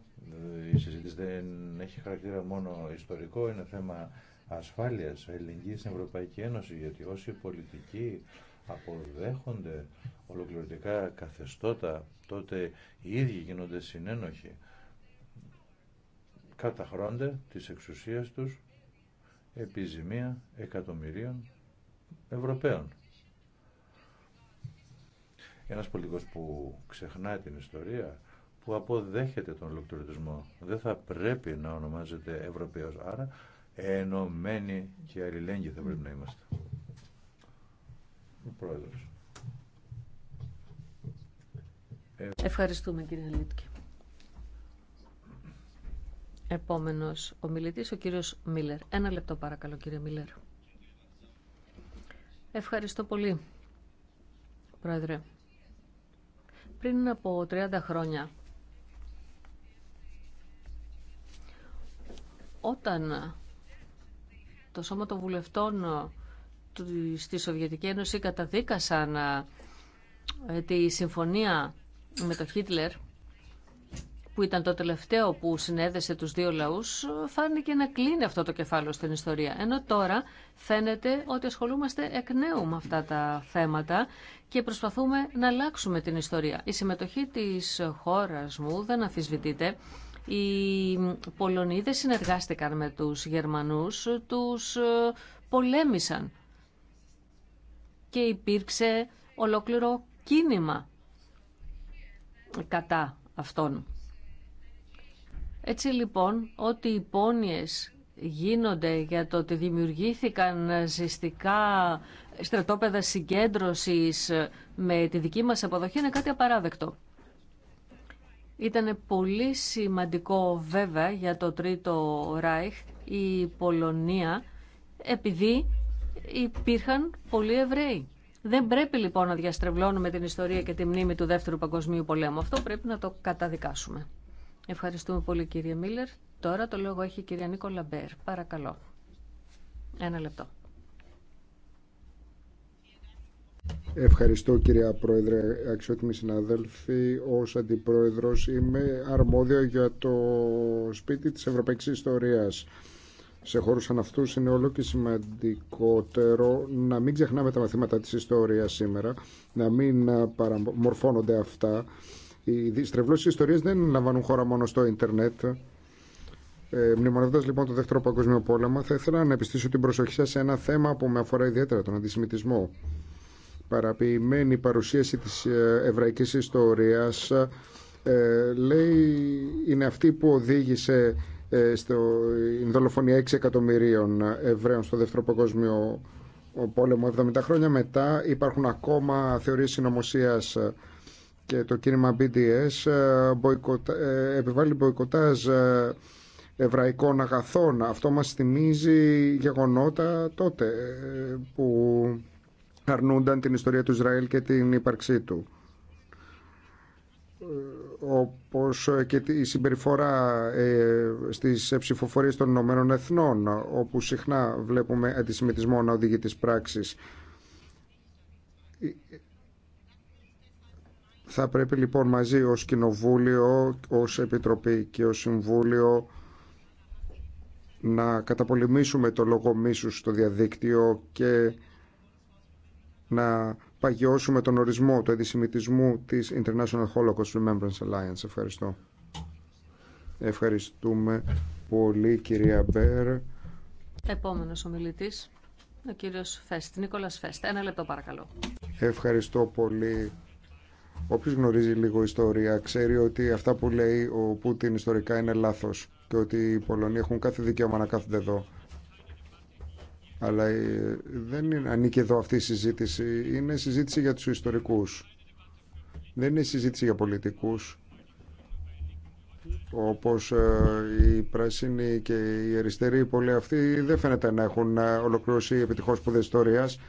η συζήτηση δεν έχει χαρακτήρα μόνο ιστορικό, είναι θέμα ασφάλειας, Ελληνική στην Ευρωπαϊκή Ένωση, γιατί όσοι πολιτικοί αποδέχονται ολοκληρωτικά καθεστώτα, τότε οι ίδιοι γίνονται συνένοχοι, καταχρώνται της εξουσίας τους επιζημία εκατομμυρίων Ευρωπαίων. Ένας πολιτικός που ξεχνά την ιστορία, που αποδέχεται τον ολοκληρωτισμό. Δεν θα πρέπει να ονομάζεται Ευρωπαίος. Άρα ενωμένοι και αλληλέγγυοι θα πρέπει να είμαστε. Ο Πρόεδρος. Ευχαριστούμε κύριε Λίτκη. Επόμενος μιλητής, ο κύριος Μίλλερ. Ένα λεπτό παρακαλώ κύριε Μίλλερ. Ευχαριστώ πολύ, Πρόεδρε. Πριν από 30 χρόνια Όταν το Σώμα των Βουλευτών στη Σοβιετική Ένωση καταδίκασαν ε, τη συμφωνία με τον Χίτλερ, που ήταν το τελευταίο που συνέδεσε τους δύο λαούς, φάνηκε να κλείνει αυτό το κεφάλαιο στην ιστορία. Ενώ τώρα φαίνεται ότι ασχολούμαστε εκ νέου με αυτά τα θέματα και προσπαθούμε να αλλάξουμε την ιστορία. Η συμμετοχή της χώρας μου δεν αφισβητείται. Οι Πολωνίδες συνεργάστηκαν με τους Γερμανούς, τους ε, πολέμησαν και υπήρξε ολόκληρο κίνημα κατά αυτών. Έτσι λοιπόν, ότι οι πόνιες γίνονται για το ότι δημιουργήθηκαν ζεστικά στρατόπεδα συγκέντρωσης με τη δική μας αποδοχή είναι κάτι απαράδεκτο. Ήταν πολύ σημαντικό βέβαια για το Τρίτο Ράιχ η Πολωνία επειδή υπήρχαν πολλοί Εβραίοι. Δεν πρέπει λοιπόν να διαστρεβλώνουμε την ιστορία και τη μνήμη του Δεύτερου Παγκοσμίου Πολέμου. Αυτό πρέπει να το καταδικάσουμε. Ευχαριστούμε πολύ κύριε Μίλλερ. Τώρα το λόγο έχει η κυρία Νίκολα Μπέρ. Παρακαλώ. Ένα λεπτό. Ευχαριστώ κυρία Πρόεδρε, αξιότιμοι συναδέλφοι. Ως Αντιπρόεδρος είμαι αρμόδιο για το σπίτι της Ευρωπαϊκής Ιστορίας. Σε χώρους σαν αυτούς είναι όλο και σημαντικότερο να μην ξεχνάμε τα μαθήματα της ιστορίας σήμερα, να μην παραμορφώνονται αυτά. Οι στρεβλώσεις ιστορίας δεν λαμβάνουν χώρα μόνο στο ίντερνετ. Ε, Μνημονεύοντα λοιπόν το Δεύτερο Παγκόσμιο Πόλεμο, θα ήθελα να επιστήσω την προσοχή σα σε ένα θέμα που με αφορά ιδιαίτερα, τον αντισημιτισμό παραποιημένη παρουσίαση της ε, εβραϊκής ιστορίας ε, λέει είναι αυτή που οδήγησε ε, στην δολοφονία 6 εκατομμυρίων Εβραίων στο Δεύτερο Παγκόσμιο Πόλεμο 70 χρόνια μετά υπάρχουν ακόμα θεωρίες συνωμοσία και το κίνημα BDS επιβάλλει μποϊκοτάζ εβραϊκών αγαθών. Αυτό μας θυμίζει γεγονότα τότε που αρνούνταν την ιστορία του Ισραήλ και την ύπαρξή του ε, όπως και η συμπεριφορά ε, στις ψηφοφορίες των Ηνωμένων Εθνών όπου συχνά βλέπουμε αντισημιτισμό να οδηγεί τις πράξεις. Θα πρέπει λοιπόν μαζί ως Κοινοβούλιο, ως Επιτροπή και ως Συμβούλιο να καταπολεμήσουμε το λόγο μίσους στο διαδίκτυο και να παγιώσουμε τον ορισμό του αντισημιτισμού της International Holocaust Remembrance Alliance. Ευχαριστώ. Ευχαριστούμε πολύ κυρία Μπέρ. Επόμενος ομιλητής, ο κύριος Φέστ, Νίκολας Φέστ. Ένα λεπτό παρακαλώ. Ευχαριστώ πολύ. Όποιος γνωρίζει λίγο ιστορία ξέρει ότι αυτά που λέει ο Πούτιν ιστορικά είναι λάθος και ότι οι Πολωνοί έχουν κάθε δικαίωμα να κάθονται εδώ. Αλλά ε, δεν είναι, ανήκει εδώ αυτή η συζήτηση. Είναι συζήτηση για τους ιστορικούς. Δεν είναι συζήτηση για πολιτικούς όπως ε, οι πράσινοι και οι αριστεροί πολλοί αυτοί δεν φαίνεται να έχουν ε, ολοκληρώσει επιτυχώς σπουδές ιστορίας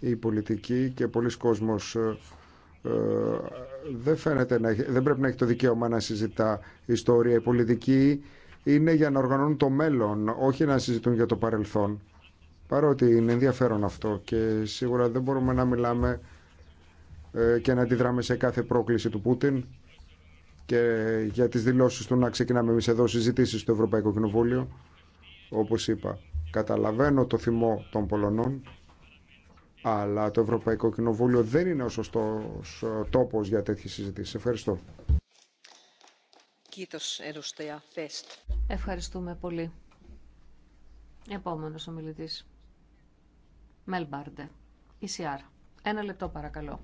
Οι πολιτικοί και πολλοί κόσμος δεν, φαίνεται να, δεν πρέπει να έχει το δικαίωμα να συζητά ιστορία Οι πολιτικοί είναι για να οργανώνουν το μέλλον όχι να συζητούν για το παρελθόν Παρότι είναι ενδιαφέρον αυτό και σίγουρα δεν μπορούμε να μιλάμε ε, και να αντιδράμε σε κάθε πρόκληση του Πούτιν και για τις δηλώσεις του να ξεκινάμε εμείς εδώ συζητήσεις στο Ευρωπαϊκό Κοινοβούλιο. Όπως είπα, καταλαβαίνω το θυμό των Πολωνών, αλλά το Ευρωπαϊκό Κοινοβούλιο δεν είναι ο σωστός ε, τόπος για τέτοιες συζητήσεις. Ευχαριστώ. Ευχαριστούμε πολύ. Επόμενος ομιλητής. Μελμπάρντε, ECR. Ένα λεπτό παρακαλώ,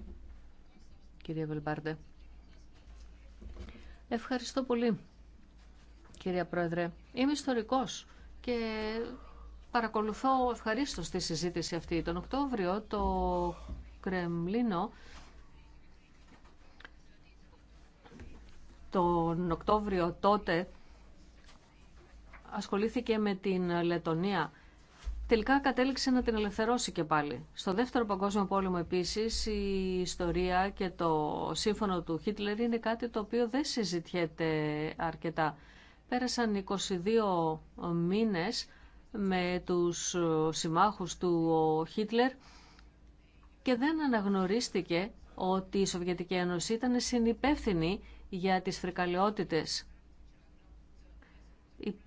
κυρία Μελμπάρντε. Ευχαριστώ πολύ, κυρία Πρόεδρε. Είμαι ιστορικός και παρακολουθώ ευχαριστώ τη συζήτηση αυτή. Τον Οκτώβριο το Κρεμλίνο τον Οκτώβριο τότε ασχολήθηκε με την Λετωνία Τελικά κατέληξε να την ελευθερώσει και πάλι. Στο δεύτερο παγκόσμιο πόλεμο επίσης η ιστορία και το σύμφωνο του Χίτλερ είναι κάτι το οποίο δεν συζητιέται αρκετά. Πέρασαν 22 μήνες με τους συμμάχους του Χίτλερ και δεν αναγνωρίστηκε ότι η Σοβιετική Ένωση ήταν συνυπεύθυνη για τις φρικαλαιότητες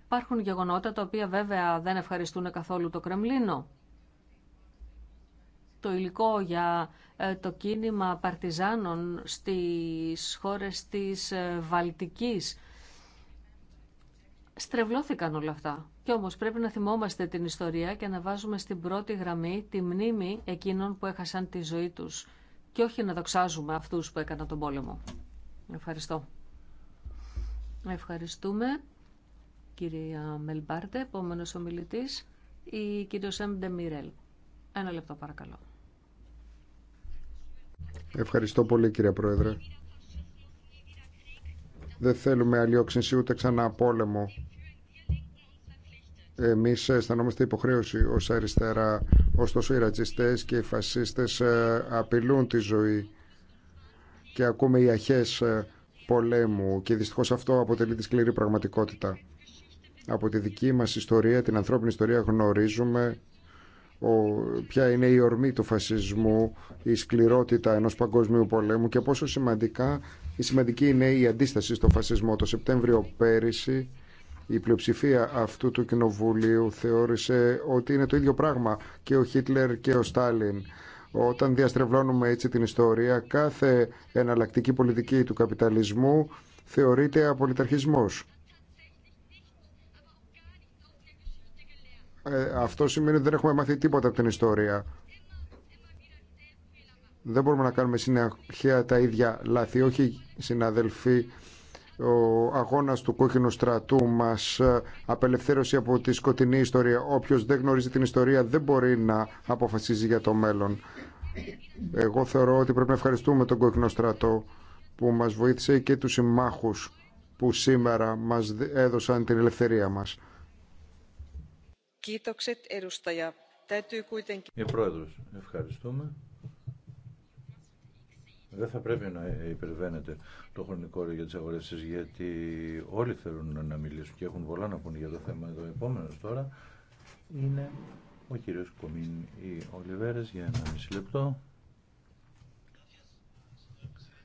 Υπάρχουν γεγονότα τα οποία βέβαια δεν ευχαριστούν καθόλου το Κρεμλίνο. Το υλικό για ε, το κίνημα παρτιζάνων στις χώρες της ε, Βαλτικής. Στρεβλώθηκαν όλα αυτά. Κι όμως πρέπει να θυμόμαστε την ιστορία και να βάζουμε στην πρώτη γραμμή τη μνήμη εκείνων που έχασαν τη ζωή τους και όχι να δοξάζουμε αυτούς που έκαναν τον πόλεμο. Ευχαριστώ. Ευχαριστούμε κυρία Μελμπάρτε. Επόμενο ομιλητή, η κύριο Σέμ Ντεμιρέλ. Ένα λεπτό, παρακαλώ. Ευχαριστώ πολύ, κύριε Πρόεδρε. Δεν θέλουμε αλλιόξυνση ούτε ξανά πόλεμο. Εμεί αισθανόμαστε υποχρέωση ω αριστερά. Ωστόσο, οι ρατσιστέ και οι φασίστε ε, απειλούν τη ζωή και ακούμε οι αρχέ ε, πολέμου και δυστυχώς αυτό αποτελεί τη σκληρή πραγματικότητα. Από τη δική μας ιστορία, την ανθρώπινη ιστορία γνωρίζουμε ποια είναι η ορμή του φασισμού, η σκληρότητα ενός παγκόσμιου πολέμου και πόσο σημαντικά, η σημαντική είναι η αντίσταση στο φασισμό. Το Σεπτέμβριο πέρυσι η πλειοψηφία αυτού του κοινοβουλίου θεώρησε ότι είναι το ίδιο πράγμα και ο Χίτλερ και ο Στάλιν. Όταν διαστρεβλώνουμε έτσι την ιστορία, κάθε εναλλακτική πολιτική του καπιταλισμού θεωρείται απολυταρχισμός. Ε, αυτό σημαίνει ότι δεν έχουμε μάθει τίποτα από την ιστορία. Δεν μπορούμε να κάνουμε συνεχεία τα ίδια λάθη. Όχι, συναδελφοί, ο αγώνας του κόκκινου στρατού μας ε, απελευθέρωση από τη σκοτεινή ιστορία. Όποιος δεν γνωρίζει την ιστορία δεν μπορεί να αποφασίζει για το μέλλον. Εγώ θεωρώ ότι πρέπει να ευχαριστούμε τον κόκκινο στρατό που μας βοήθησε και τους συμμάχους που σήμερα μας έδωσαν την ελευθερία μας. Η πρόεδρος, ευχαριστούμε. Δεν θα πρέπει να υπερβαίνετε το χρονικό όριο για τι αγορές γιατί όλοι θέλουν να μιλήσουν και έχουν πολλά να πουν για το θέμα. Το επόμενο τώρα είναι ο κύριο Κομίν ή Ολιβέρες για ένα μισή λεπτό.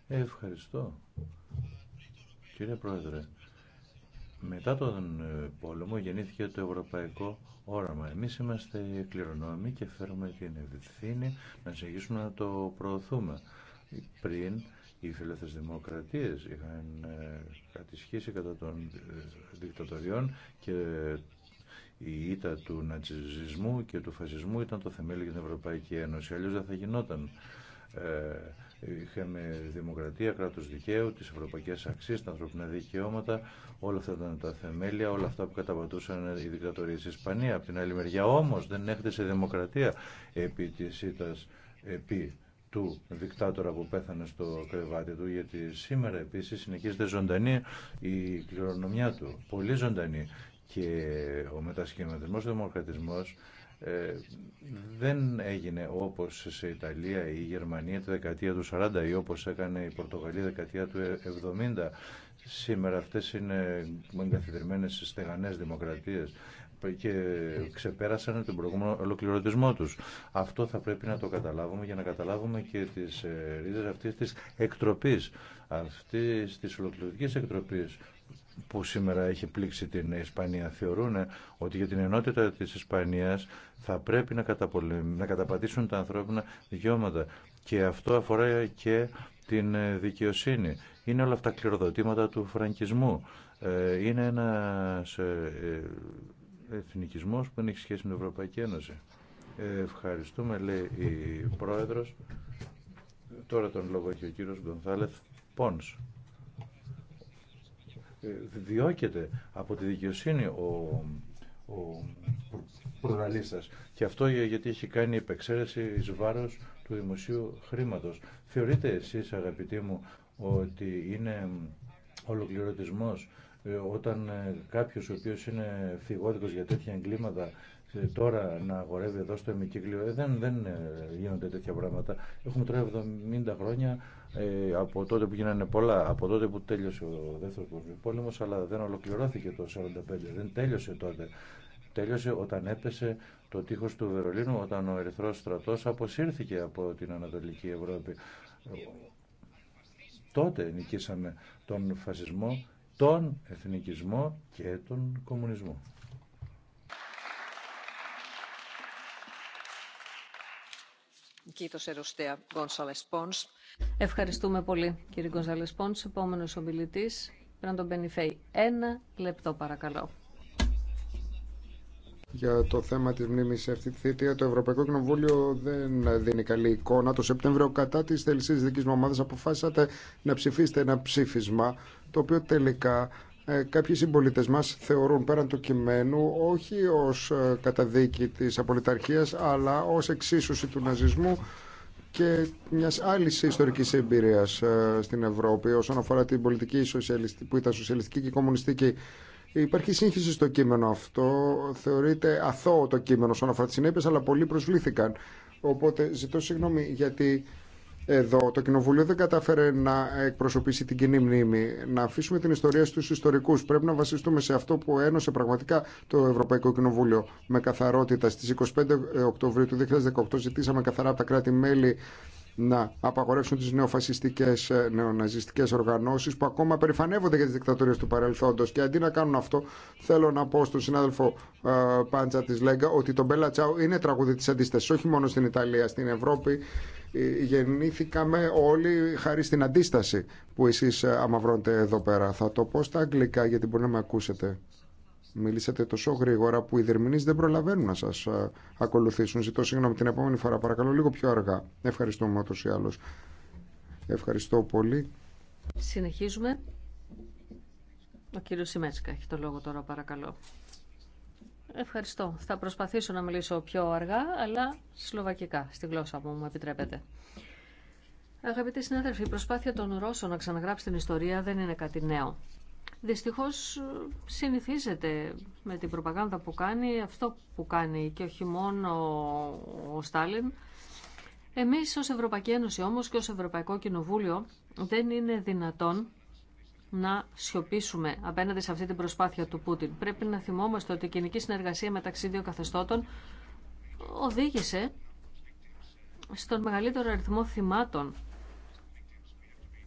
Ευχαριστώ. Κύριε Πρόεδρε, μετά τον ε, πόλεμο γεννήθηκε το ευρωπαϊκό όραμα. Εμείς είμαστε κληρονόμοι και φέρουμε την ευθύνη να συνεχίσουμε να το προωθούμε. Πριν οι φιλελεύθερες δημοκρατίες είχαν ε, κατησχίσει κατά των ε, δικτατοριών και η ήττα του νατσισμού και του φασισμού ήταν το θεμέλιο για την Ευρωπαϊκή Ένωση. Αλλιώς δεν θα γινόταν Είχαμε δημοκρατία, κράτος δικαίου, τις ευρωπαϊκές αξίες, τα ανθρωπινά δικαιώματα, όλα αυτά ήταν τα θεμέλια, όλα αυτά που καταπατούσαν οι δικτατορίε της Ισπανία. Από την άλλη μεριά όμως δεν σε δημοκρατία επί τη ήττα επί του δικτάτορα που πέθανε στο κρεβάτι του, γιατί σήμερα επίσης συνεχίζεται ζωντανή η κληρονομιά του, πολύ ζωντανή. Και ο μετασχηματισμό, ο δημοκρατισμός ε, δεν έγινε όπως σε Ιταλία ή η γερμανια τη δεκαετία του 40 ή όπως έκανε η Πορτογαλία δεκαετία του 70. Σήμερα αυτές είναι εγκαθιδρυμένες στεγανές δημοκρατίες και ξεπέρασαν τον προηγούμενο ολοκληρωτισμό τους. Αυτό θα πρέπει να το καταλάβουμε για να καταλάβουμε και τις ε, ρίζες αυτής της εκτροπής, αυτής της ολοκληρωτικής εκτροπής που σήμερα έχει πλήξει την Ισπανία θεωρούν ότι για την ενότητα της Ισπανίας θα πρέπει να, να καταπατήσουν τα ανθρώπινα δικαιώματα και αυτό αφορά και την δικαιοσύνη. Είναι όλα αυτά κληροδοτήματα του φραγκισμού. Ε, είναι ένα ε, ε, εθνικισμός που δεν έχει σχέση με την Ευρωπαϊκή Ένωση. Ευχαριστούμε, λέει η Πρόεδρος. Τώρα τον λόγο έχει ο κύριος Γκονθάλεθ Πόνς διώκεται από τη δικαιοσύνη ο, ο Και αυτό γιατί έχει κάνει υπεξαίρεση εις βάρος του δημοσίου χρήματος. Θεωρείτε εσείς αγαπητοί μου ότι είναι ολοκληρωτισμός ε, όταν ε, κάποιος ο οποίος είναι φυγόδικος για τέτοια εγκλήματα ε, τώρα να αγορεύει εδώ στο εμικύκλιο δεν, δεν γίνονται τέτοια πράγματα. Έχουμε τώρα 70 χρόνια ε, από τότε που γίνανε πολλά, από τότε που τέλειωσε ο δεύτερο πόλεμο, πόλεμος, αλλά δεν ολοκληρώθηκε το 1945, δεν τέλειωσε τότε. Τέλειωσε όταν έπεσε το τείχο του Βερολίνου, όταν ο Ερυθρός στρατός αποσύρθηκε από την Ανατολική Ευρώπη. Τότε νικήσαμε τον φασισμό, τον εθνικισμό και τον κομμουνισμό. Ευχαριστούμε πολύ, κύριε γκονσάλε Ο Επόμενο ομιλητή, πρέπει να τον Μπενιφέη. Ένα λεπτό, παρακαλώ. Για το θέμα τη μνήμη σε αυτή τη θητεία, το Ευρωπαϊκό Κοινοβούλιο δεν δίνει καλή εικόνα. Το Σεπτέμβριο, κατά τη θέληση τη δική μου ομάδα, αποφάσισατε να ψηφίσετε ένα ψήφισμα, το οποίο τελικά ε, κάποιοι συμπολίτε μας θεωρούν πέραν του κειμένου όχι ως ε, καταδίκη της απολυταρχία, αλλά ως εξίσωση του ναζισμού και μιας άλλης ιστορικής εμπειρίας ε, στην Ευρώπη όσον αφορά την πολιτική που ήταν σοσιαλιστική και κομμουνιστική. Υπάρχει σύγχυση στο κείμενο αυτό. Θεωρείται αθώο το κείμενο όσον αφορά τι συνέπειε, αλλά πολλοί προσβλήθηκαν. Οπότε ζητώ συγγνώμη γιατί εδώ το Κοινοβούλιο δεν κατάφερε να εκπροσωπήσει την κοινή μνήμη. Να αφήσουμε την ιστορία στους ιστορικούς. Πρέπει να βασιστούμε σε αυτό που ένωσε πραγματικά το Ευρωπαϊκό Κοινοβούλιο με καθαρότητα. Στις 25 Οκτωβρίου του 2018 ζητήσαμε καθαρά από τα κράτη-μέλη να απαγορεύσουν τις νεοφασιστικές, ε, νεοναζιστικές οργανώσεις που ακόμα περηφανεύονται για τις δικτατορίες του παρελθόντος και αντί να κάνουν αυτό θέλω να πω στον συνάδελφο ε, Πάντζα της Λέγκα ότι το Μπέλα Τσάου είναι τραγούδι της αντίστασης όχι μόνο στην Ιταλία, στην Ευρώπη ε, γεννήθηκαμε όλοι χάρη στην αντίσταση που εσείς ε, αμαυρώνετε εδώ πέρα. Θα το πω στα αγγλικά γιατί μπορεί να με ακούσετε. Μιλήσατε τόσο γρήγορα που οι δερμηνεί δεν προλαβαίνουν να σα ακολουθήσουν. Ζητώ συγγνώμη την επόμενη φορά, παρακαλώ λίγο πιο αργά. Ευχαριστώ, ούτω ή άλλω. Ευχαριστώ πολύ. Συνεχίζουμε. Ο κύριο Σιμέτσικα έχει το λόγο τώρα, παρακαλώ. Ευχαριστώ. Θα προσπαθήσω να μιλήσω πιο αργά, αλλά σλοβακικά, στη γλώσσα μου, μου επιτρέπετε. Αγαπητοί συνάδελφοι, η προσπάθεια των Ρώσων να ξαναγράψει την ιστορία δεν είναι κάτι νέο δυστυχώς συνηθίζεται με την προπαγάνδα που κάνει αυτό που κάνει και όχι μόνο ο Στάλιν. Εμείς ως Ευρωπαϊκή Ένωση όμως και ως Ευρωπαϊκό Κοινοβούλιο δεν είναι δυνατόν να σιωπήσουμε απέναντι σε αυτή την προσπάθεια του Πούτιν. Πρέπει να θυμόμαστε ότι η κοινική συνεργασία μεταξύ δύο καθεστώτων οδήγησε στον μεγαλύτερο αριθμό θυμάτων.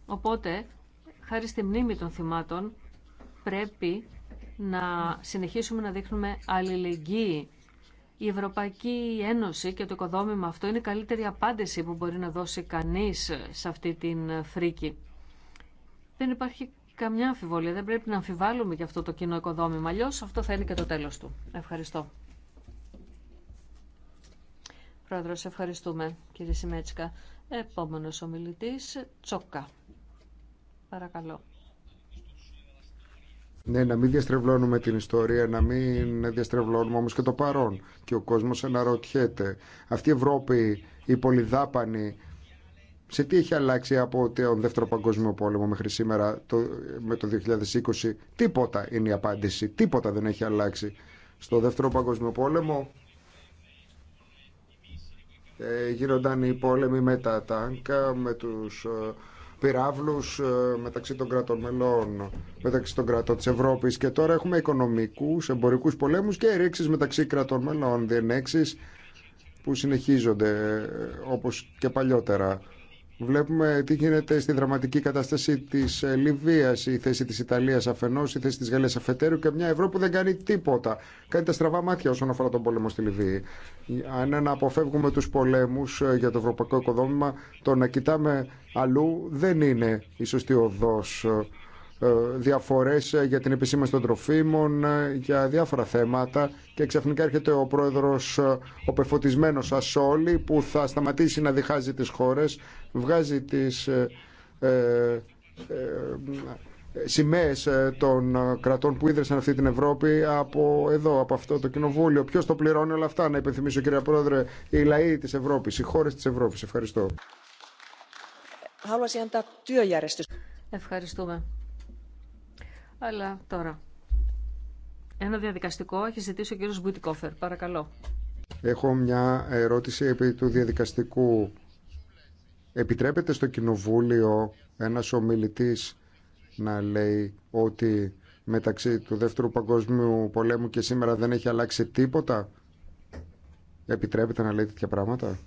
Οπότε, χάρη στη μνήμη των θυμάτων, πρέπει να συνεχίσουμε να δείχνουμε αλληλεγγύη. Η Ευρωπαϊκή Ένωση και το οικοδόμημα αυτό είναι η καλύτερη απάντηση που μπορεί να δώσει κανείς σε αυτή την φρίκη. Δεν υπάρχει καμιά αμφιβολία, δεν πρέπει να αμφιβάλλουμε για αυτό το κοινό οικοδόμημα, αλλιώ αυτό θα είναι και το τέλος του. Ευχαριστώ. Πρόεδρος, ευχαριστούμε κύριε Σιμέτσικα. Επόμενος ομιλητής, Τσόκα. Παρακαλώ. Ναι, να μην διαστρεβλώνουμε την ιστορία, να μην διαστρεβλώνουμε όμως και το παρόν. Και ο κόσμος αναρωτιέται. Αυτή η Ευρώπη, η πολυδάπανη, σε τι έχει αλλάξει από τον Δεύτερο Παγκόσμιο Πόλεμο μέχρι σήμερα το, με το 2020. Τίποτα είναι η απάντηση. Τίποτα δεν έχει αλλάξει. Στο Δεύτερο Παγκόσμιο Πόλεμο ε, γίνονταν οι πόλεμοι με τα τάγκα, με τους... Ε, περάβλους ε, μεταξύ των κρατών μελών, μεταξύ των κρατών της Ευρώπης και τώρα έχουμε οικονομικούς, εμπορικούς πολέμους και ρήξει μεταξύ κρατών μελών, διενέξεις που συνεχίζονται ε, όπως και παλιότερα. Βλέπουμε τι γίνεται στη δραματική κατάσταση της ε, Λιβύα, η θέση της Ιταλίας Αφενό, η θέση της Γαλλίας αφετέρου και μια Ευρώπη που δεν κάνει τίποτα. Κάνει τα στραβά μάτια όσον αφορά τον πόλεμο στη Λιβύη. Αν να αποφεύγουμε τους πολέμους ε, για το ευρωπαϊκό οικοδόμημα, το να κοιτάμε αλλού δεν είναι η σωστή οδό ε, διαφορές ε, για την επισήμανση των τροφίμων, ε, για διάφορα θέματα και ξαφνικά έρχεται ο πρόεδρος ο πεφωτισμένος Ασόλη που θα σταματήσει να διχάζει τις χώρες, βγάζει τις ε, σημαίες των κρατών που ίδρυσαν αυτή την Ευρώπη από εδώ, από αυτό το κοινοβούλιο. ποιος το πληρώνει όλα αυτά, να υπενθυμίσω κύριε Πρόεδρε, οι λαοί της Ευρώπης, οι χώρες της Ευρώπης. Ευχαριστώ. Ευχαριστούμε. Αλλά τώρα. Ένα διαδικαστικό έχει ζητήσει ο κύριος Μπουτικόφερ. Παρακαλώ. Έχω μια ερώτηση επί του διαδικαστικού. Επιτρέπεται στο Κοινοβούλιο ένας ομιλητής να λέει ότι μεταξύ του Δεύτερου Παγκόσμιου Πολέμου και σήμερα δεν έχει αλλάξει τίποτα. Επιτρέπεται να λέει τέτοια πράγματα.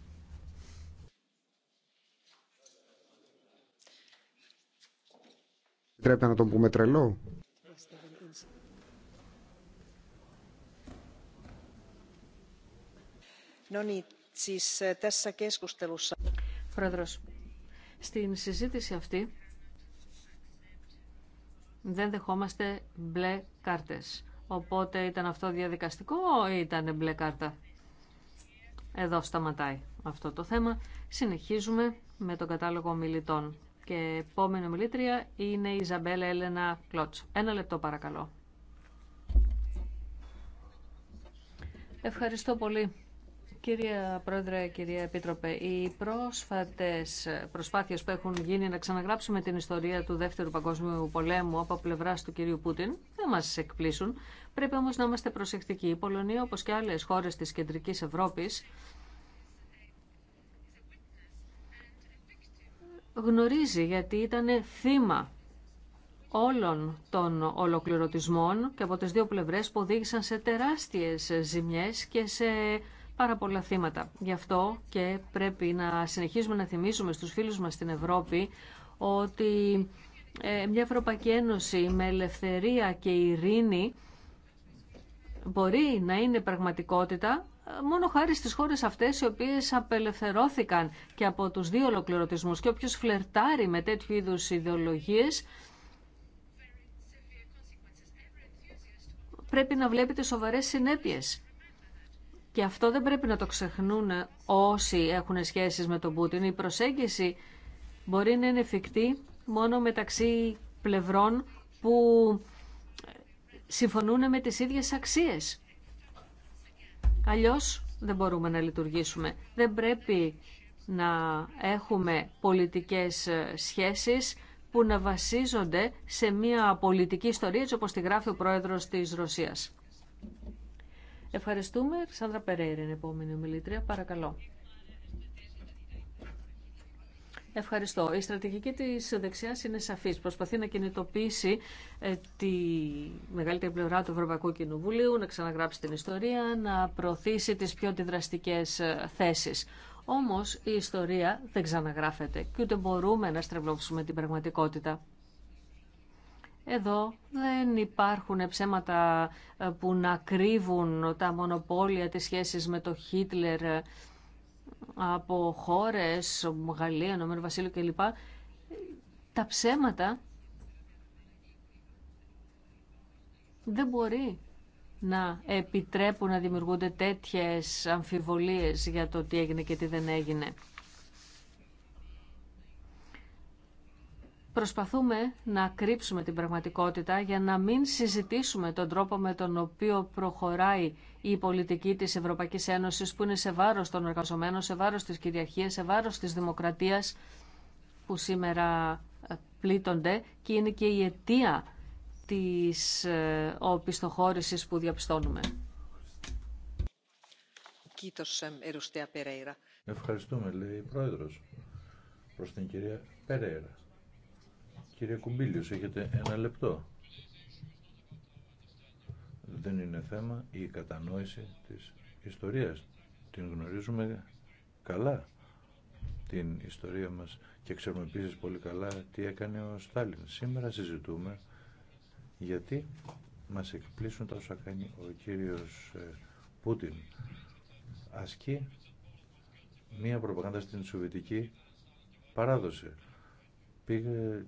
Επιτρέπεται να τον πούμε τρελό. Ε, στην συζήτηση αυτή δεν δεχόμαστε μπλε κάρτες. Οπότε ήταν αυτό διαδικαστικό ή ήταν μπλε κάρτα. Εδώ σταματάει αυτό το θέμα. Συνεχίζουμε με τον κατάλογο μιλητών. Και επόμενη μιλήτρια είναι η Ζαμπέλα Έλενα Κλότς. Ένα λεπτό παρακαλώ. Ευχαριστώ πολύ Κυρία Πρόεδρε, κυρία Επίτροπε, οι πρόσφατες προσπάθειες που έχουν γίνει να ξαναγράψουμε την ιστορία του Δεύτερου Παγκόσμιου Πολέμου από πλευρά του κυρίου Πούτιν δεν μας εκπλήσουν. Πρέπει όμως να είμαστε προσεκτικοί. Η Πολωνία, όπως και άλλες χώρες της Κεντρικής Ευρώπης, γνωρίζει γιατί ήταν θύμα όλων των ολοκληρωτισμών και από τις δύο πλευρές που οδήγησαν σε τεράστιες ζημιές και σε πάρα πολλά θύματα. Γι' αυτό και πρέπει να συνεχίζουμε να θυμίζουμε στους φίλους μας στην Ευρώπη ότι ε, μια Ευρωπαϊκή Ένωση με ελευθερία και ειρήνη μπορεί να είναι πραγματικότητα ε, μόνο χάρη στις χώρες αυτές οι οποίες απελευθερώθηκαν και από τους δύο ολοκληρωτισμούς και όποιος φλερτάρει με τέτοιου είδους ιδεολογίες πρέπει να βλέπετε σοβαρές συνέπειες. Και αυτό δεν πρέπει να το ξεχνούν όσοι έχουν σχέσεις με τον Πούτιν. Η προσέγγιση μπορεί να είναι εφικτή μόνο μεταξύ πλευρών που συμφωνούν με τις ίδιες αξίες. Αλλιώς δεν μπορούμε να λειτουργήσουμε. Δεν πρέπει να έχουμε πολιτικές σχέσεις που να βασίζονται σε μια πολιτική ιστορία, έτσι όπως τη γράφει ο πρόεδρος της Ρωσίας. Ευχαριστούμε. Σάντρα Περέιρα είναι επόμενη ομιλήτρια. Παρακαλώ. Ευχαριστώ. Η στρατηγική της δεξιά είναι σαφής. Προσπαθεί να κινητοποιήσει ε, τη μεγαλύτερη πλευρά του Ευρωπαϊκού Κοινοβουλίου, να ξαναγράψει την ιστορία, να προωθήσει τις πιο αντιδραστικές ε, θέσεις. Όμως η ιστορία δεν ξαναγράφεται και ούτε μπορούμε να στρεβλώσουμε την πραγματικότητα. Εδώ δεν υπάρχουν ψέματα ε, που να κρύβουν τα μονοπόλια της σχέσης με το Χίτλερ ε, από χώρες, Γαλλία, Νομέρο Βασίλειο κλπ. Τα ψέματα δεν μπορεί να επιτρέπουν να δημιουργούνται τέτοιες αμφιβολίες για το τι έγινε και τι δεν έγινε. προσπαθούμε να κρύψουμε την πραγματικότητα για να μην συζητήσουμε τον τρόπο με τον οποίο προχωράει η πολιτική της Ευρωπαϊκής Ένωσης που είναι σε βάρος των εργαζομένων, σε βάρος της κυριαρχίας, σε βάρος της δημοκρατίας που σήμερα ε, πλήττονται και είναι και η αιτία της ε, οπισθοχώρησης που διαπιστώνουμε. Ευχαριστούμε, λέει η Πρόεδρος, προς την κυρία Περέιρα. Κύριε Κουμπίλιος, έχετε ένα λεπτό. Δεν είναι θέμα η κατανόηση της ιστορίας. Την γνωρίζουμε καλά την ιστορία μας και ξέρουμε επίσης πολύ καλά τι έκανε ο Στάλιν. Σήμερα συζητούμε γιατί μας εκπλήσουν τα όσα κάνει ο κύριος ε, Πούτιν. Ασκεί μία προπαγάνδα στην Σοβιετική παράδοση πήγε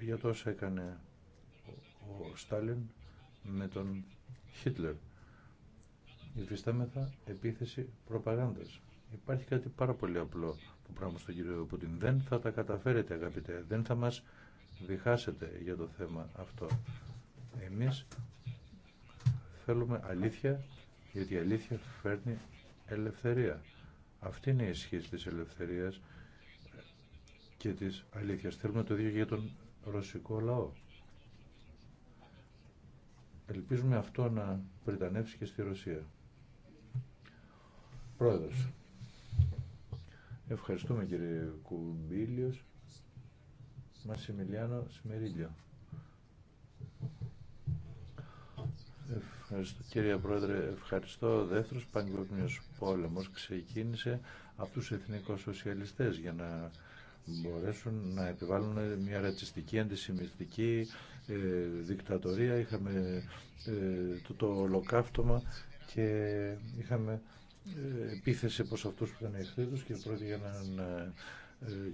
για όσα έκανε ο Στάλιν με τον Χίτλερ. Υφιστάμεθα επίθεση προπαγάνδας. Υπάρχει κάτι πάρα πολύ απλό που πράγμα στον κύριο Πουτίν. Δεν θα τα καταφέρετε αγαπητέ, δεν θα μας διχάσετε για το θέμα αυτό. Εμείς θέλουμε αλήθεια, γιατί η αλήθεια φέρνει ελευθερία. Αυτή είναι η ισχύ της ελευθερίας και της αλήθειας. Θέλουμε το ίδιο για τον ρωσικό λαό. Ελπίζουμε αυτό να πριτανεύσει και στη Ρωσία. Πρόεδρος. Ευχαριστούμε κύριε Κουμπίλιος. Μασιμιλιάνο Σμερίλιο. Ευχαριστώ, κύριε Πρόεδρε, ευχαριστώ. Ο δεύτερος παγκόσμιος πόλεμος ξεκίνησε από τους εθνικοσοσιαλιστές για να μπορέσουν να επιβάλλουν μια ρατσιστική, αντισημιστική ε, δικτατορία. Είχαμε ε, το, το ολοκαύτωμα και είχαμε ε, επίθεση προς αυτούς που ήταν εχθροί και πρόκειται για έναν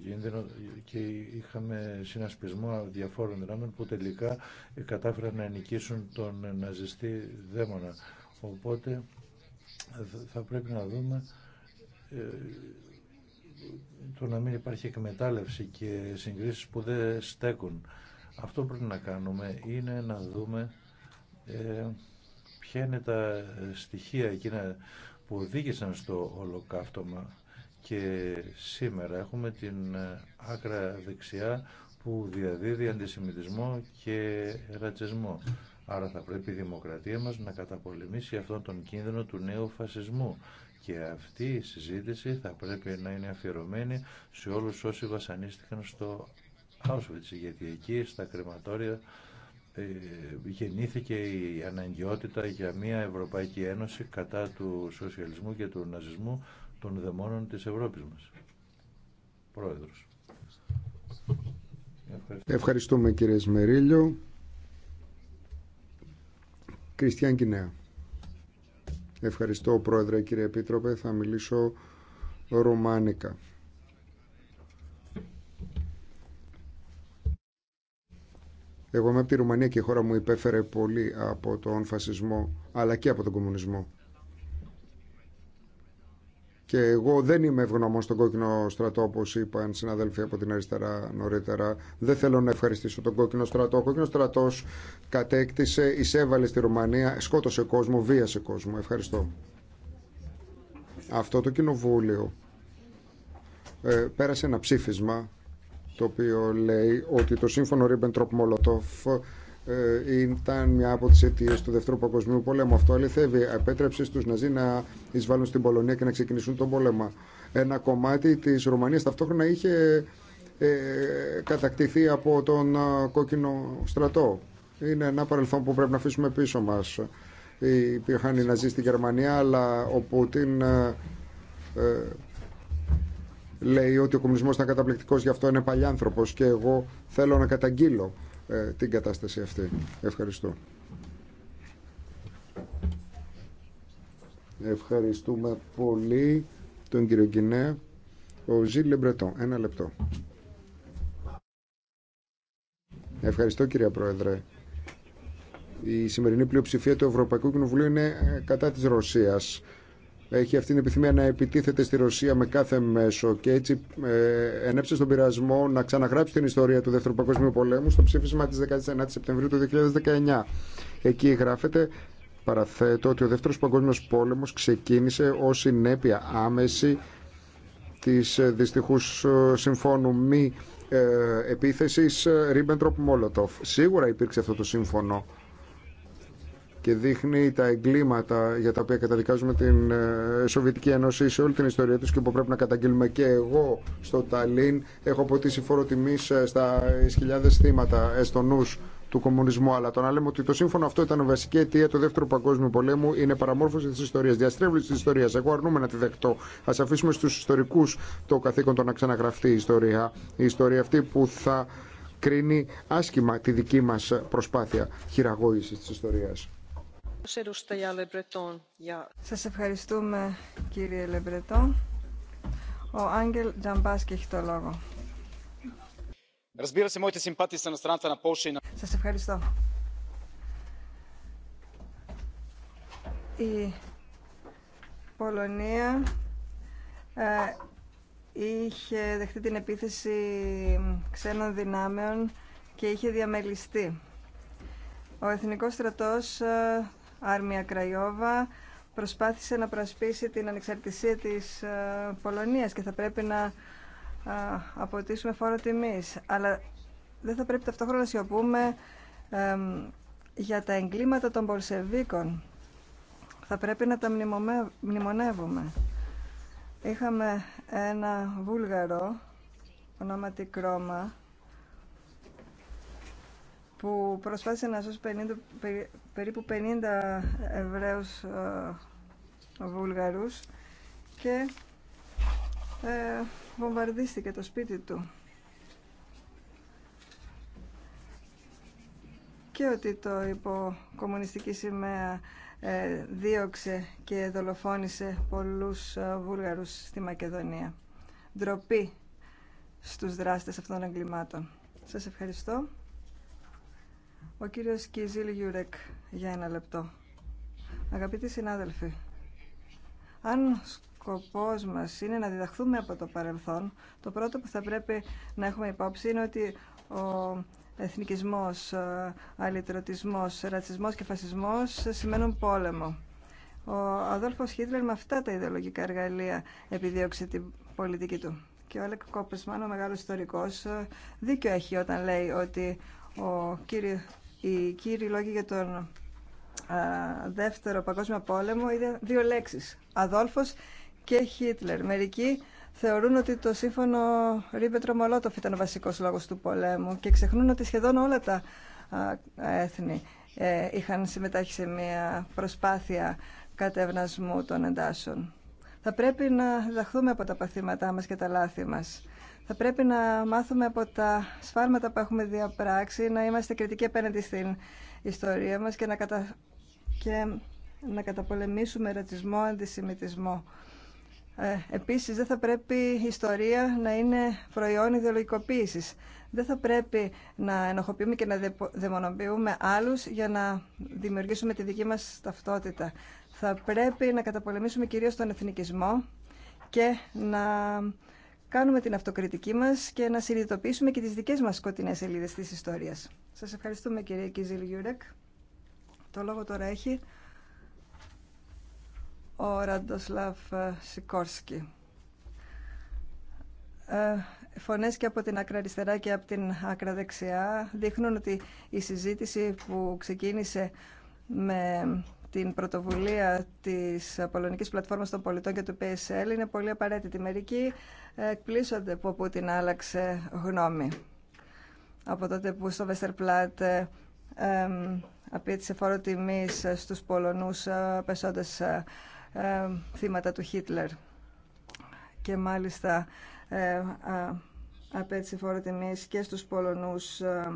κίνδυνο και είχαμε συνασπισμό διαφόρων δυνάμεων που τελικά κατάφεραν να νικήσουν τον ναζιστή δαίμονα. Οπότε θα πρέπει να δούμε να μην υπάρχει εκμετάλλευση και συγκρίσεις που δεν στέκουν. Αυτό πρέπει να κάνουμε είναι να δούμε ε, ποια είναι τα στοιχεία εκείνα που οδήγησαν στο ολοκαύτωμα και σήμερα έχουμε την ε, άκρα δεξιά που διαδίδει αντισημιτισμό και ρατσισμό. Άρα θα πρέπει η δημοκρατία μας να καταπολεμήσει αυτόν τον κίνδυνο του νέου φασισμού και αυτή η συζήτηση θα πρέπει να είναι αφιερωμένη σε όλους όσοι βασανίστηκαν στο Auschwitz γιατί εκεί στα κρεματόρια ε, γεννήθηκε η αναγκαιότητα για μια Ευρωπαϊκή Ένωση κατά του σοσιαλισμού και του ναζισμού των δαιμόνων της Ευρώπης μας. Πρόεδρος. Ευχαριστούμε, Ευχαριστούμε κύριε Σμερίλιο. Κριστιαν Κινέα. Ευχαριστώ Πρόεδρε κύριε Επίτροπε, θα μιλήσω ρουμάνικα. Εγώ είμαι από τη Ρουμανία και η χώρα μου υπέφερε πολύ από τον φασισμό αλλά και από τον κομμουνισμό. Και εγώ δεν είμαι ευγνώμων στον κόκκινο στρατό, όπω είπαν συναδέλφοι από την αριστερά νωρίτερα. Δεν θέλω να ευχαριστήσω τον κόκκινο στρατό. Ο κόκκινο στρατό κατέκτησε, εισέβαλε στη Ρουμανία, σκότωσε κόσμο, βίασε κόσμο. Ευχαριστώ. Αυτό το κοινοβούλιο ε, πέρασε ένα ψήφισμα το οποίο λέει ότι το σύμφωνο Ρίμπεντροπ Μολοτόφ ε, ήταν μια από τις αιτίες του Δεύτερου Παγκοσμίου Πολέμου. Αυτό αληθεύει. Επέτρεψε στου Ναζί να εισβάλλουν στην Πολωνία και να ξεκινήσουν τον πόλεμο. Ένα κομμάτι της Ρουμανίας ταυτόχρονα είχε ε, κατακτηθεί από τον ε, κόκκινο στρατό. Είναι ένα παρελθόν που πρέπει να αφήσουμε πίσω μας. Υπήρχαν οι Ναζί στη Γερμανία, αλλά ο Πούτιν λέει ότι ο κομμουνισμός ήταν καταπληκτικός, γι' αυτό είναι παλιάνθρωπος και εγώ θέλω να καταγγείλω ε, την κατάσταση αυτή. Ευχαριστώ. Ευχαριστούμε πολύ τον κύριο Κινέα. Ο Ζήλ Λεμπρετό, ένα λεπτό. Ευχαριστώ κύριε Πρόεδρε. Η σημερινή πλειοψηφία του Ευρωπαϊκού Κοινοβουλίου είναι ε, κατά της Ρωσίας έχει αυτή την επιθυμία να επιτίθεται στη Ρωσία με κάθε μέσο και έτσι ε, ενέψε στον πειρασμό να ξαναγράψει την ιστορία του Δεύτερου Παγκοσμίου Πολέμου στο ψήφισμα τη 19 Σεπτεμβρίου του 2019. Εκεί γράφεται παραθέτω ότι ο Δεύτερος Παγκόσμιος Πόλεμος ξεκίνησε ως συνέπεια άμεση της ε, δυστυχούς ε, συμφώνου μη ε, επίθεσης Ρίμπεντροπ Μόλοτοφ. Σίγουρα υπήρξε αυτό το σύμφωνο και δείχνει τα εγκλήματα για τα οποία καταδικάζουμε την ε, Σοβιετική Ένωση σε όλη την ιστορία τους και που πρέπει να καταγγείλουμε και εγώ στο Ταλίν. Έχω ποτίσει φόρο τιμής ε, στα χιλιάδες θύματα ε, νους του κομμουνισμού. Αλλά το να λέμε ότι το σύμφωνο αυτό ήταν βασική αιτία του Δεύτερου Παγκόσμιου Πολέμου είναι παραμόρφωση τη ιστορία, διαστρέβλωση τη ιστορία. Εγώ αρνούμε να τη δεχτώ. Α αφήσουμε στου ιστορικού το καθήκον το να ξαναγραφτεί η ιστορία. Η ιστορία αυτή που θα κρίνει άσχημα τη δική μα προσπάθεια χειραγώγηση τη ιστορία. Σας ευχαριστούμε κύριε Λεμπρετόν. Ο Άγγελ Τζαμπάσκη έχει το λόγο. Σας ευχαριστώ. Η Πολωνία ε, είχε δεχτεί την επίθεση ξένων δυνάμεων και είχε διαμελιστεί. Ο Εθνικός Στρατός ε, Άρμια Κραϊόβα προσπάθησε να προσπίσει την ανεξαρτησία της ε, Πολωνίας και θα πρέπει να αποτίσουμε φόρο τιμής. Αλλά δεν θα πρέπει ταυτόχρονα να σιωπούμε για τα εγκλήματα των Πολσεβίκων. Θα πρέπει να τα μνημονεύουμε. Είχαμε ένα Βούλγαρο, ονόματι Κρόμα, που προσπάθησε να σώσει 50, περίπου 50 Εβραίους ε, Βουλγαρούς και ε, βομβαρδίστηκε το σπίτι του. Και ότι το υποκομμουνιστική σημαία ε, δίωξε και δολοφόνησε πολλούς ε, Βούλγαρους στη Μακεδονία. Ντροπή στους δράστες αυτών των εγκλημάτων. Σας ευχαριστώ. Ο κύριος Κιζίλ Γιουρέκ για ένα λεπτό. Αγαπητοί συνάδελφοι, αν σκοπός μας είναι να διδαχθούμε από το παρελθόν, το πρώτο που θα πρέπει να έχουμε υπόψη είναι ότι ο εθνικισμός, ε, αλυτρωτισμός, ρατσισμός και φασισμός σημαίνουν πόλεμο. Ο Αδόλφος Χίτλερ με αυτά τα ιδεολογικά εργαλεία επιδίωξε την πολιτική του. Και ο Αλεκ Κόπεσμαν, ο μεγάλος ιστορικός, ε, δίκιο έχει όταν λέει ότι ο κύριο, οι κύριοι λόγοι για τον Δεύτερο Παγκόσμιο Πόλεμο είναι δύο λέξεις. Αδόλφος και Χίτλερ. Μερικοί θεωρούν ότι το σύμφωνο Ρίμπετρο Μολότοφ ήταν ο βασικός λόγος του πολέμου και ξεχνούν ότι σχεδόν όλα τα έθνη ε, είχαν συμμετάχει σε μια προσπάθεια κατευνασμού των εντάσσεων. Θα πρέπει να διδαχθούμε από τα παθήματά μας και τα λάθη μας. Θα πρέπει να μάθουμε από τα σφάλματα που έχουμε διαπράξει, να είμαστε κριτικοί απέναντι στην ιστορία μας και να, κατα... και να καταπολεμήσουμε ρατσισμό, αντισημιτισμό. Ε, επίσης, δεν θα πρέπει η ιστορία να είναι προϊόν ιδεολογικοποίησης. Δεν θα πρέπει να ενοχοποιούμε και να δαιμονοποιούμε άλλους για να δημιουργήσουμε τη δική μας ταυτότητα. Θα πρέπει να καταπολεμήσουμε κυρίως τον εθνικισμό και να κάνουμε την αυτοκριτική μας και να συνειδητοποιήσουμε και τις δικές μας σκοτεινές σελίδε της ιστορίας. Σας ευχαριστούμε κυρία Κιζιλ Γιούρεκ. Το λόγο τώρα έχει ο Ραντοσλάβ ε, Σικόρσκι. Ε, φωνές και από την άκρα αριστερά και από την άκρα δεξιά δείχνουν ότι η συζήτηση που ξεκίνησε με την πρωτοβουλία της Πολωνικής Πλατφόρμας των Πολιτών και του PSL είναι πολύ απαραίτητη. Μερικοί ε, εκπλήσονται που ο Πούτιν άλλαξε γνώμη. Από τότε που στο Βεστερπλάτ ε, απέτυσε φόρο τιμής στους Πολωνούς ε, πεσόντες ε, θύματα του Χίτλερ. Και μάλιστα ε, φόρο τιμής και στους Πολωνούς ε,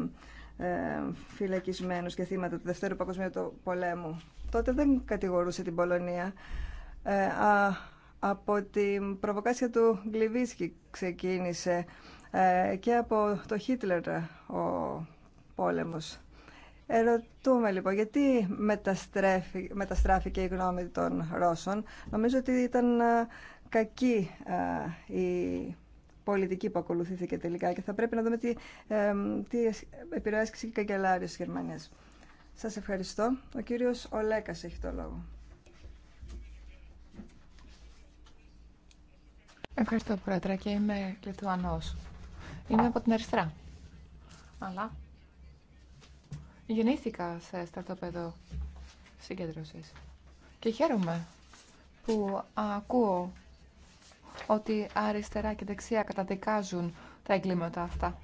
φυλακισμένους και θύματα του Δευτέρου Παγκοσμίου Πολέμου τότε δεν κατηγορούσε την Πολωνία. Ε, από την προβοκάσια του Γκλιβίσκη ξεκίνησε ε, και από το Χίτλερ ε, ο πόλεμος. Ερωτούμε λοιπόν γιατί μεταστράφηκε η γνώμη των Ρώσων. Νομίζω ότι ήταν κακή η πολιτική που ακολουθήθηκε τελικά και θα πρέπει να δούμε τι, τι και η σας ευχαριστώ. Ο κύριος Ολέκας έχει το λόγο. Ευχαριστώ, Πρόεδρε, και είμαι Λιθουανός. Είμαι από την αριστερά. Αλλά γεννήθηκα σε στρατόπεδο συγκέντρωσης. Και χαίρομαι που ακούω ότι αριστερά και δεξιά καταδικάζουν τα εγκλήματα αυτά.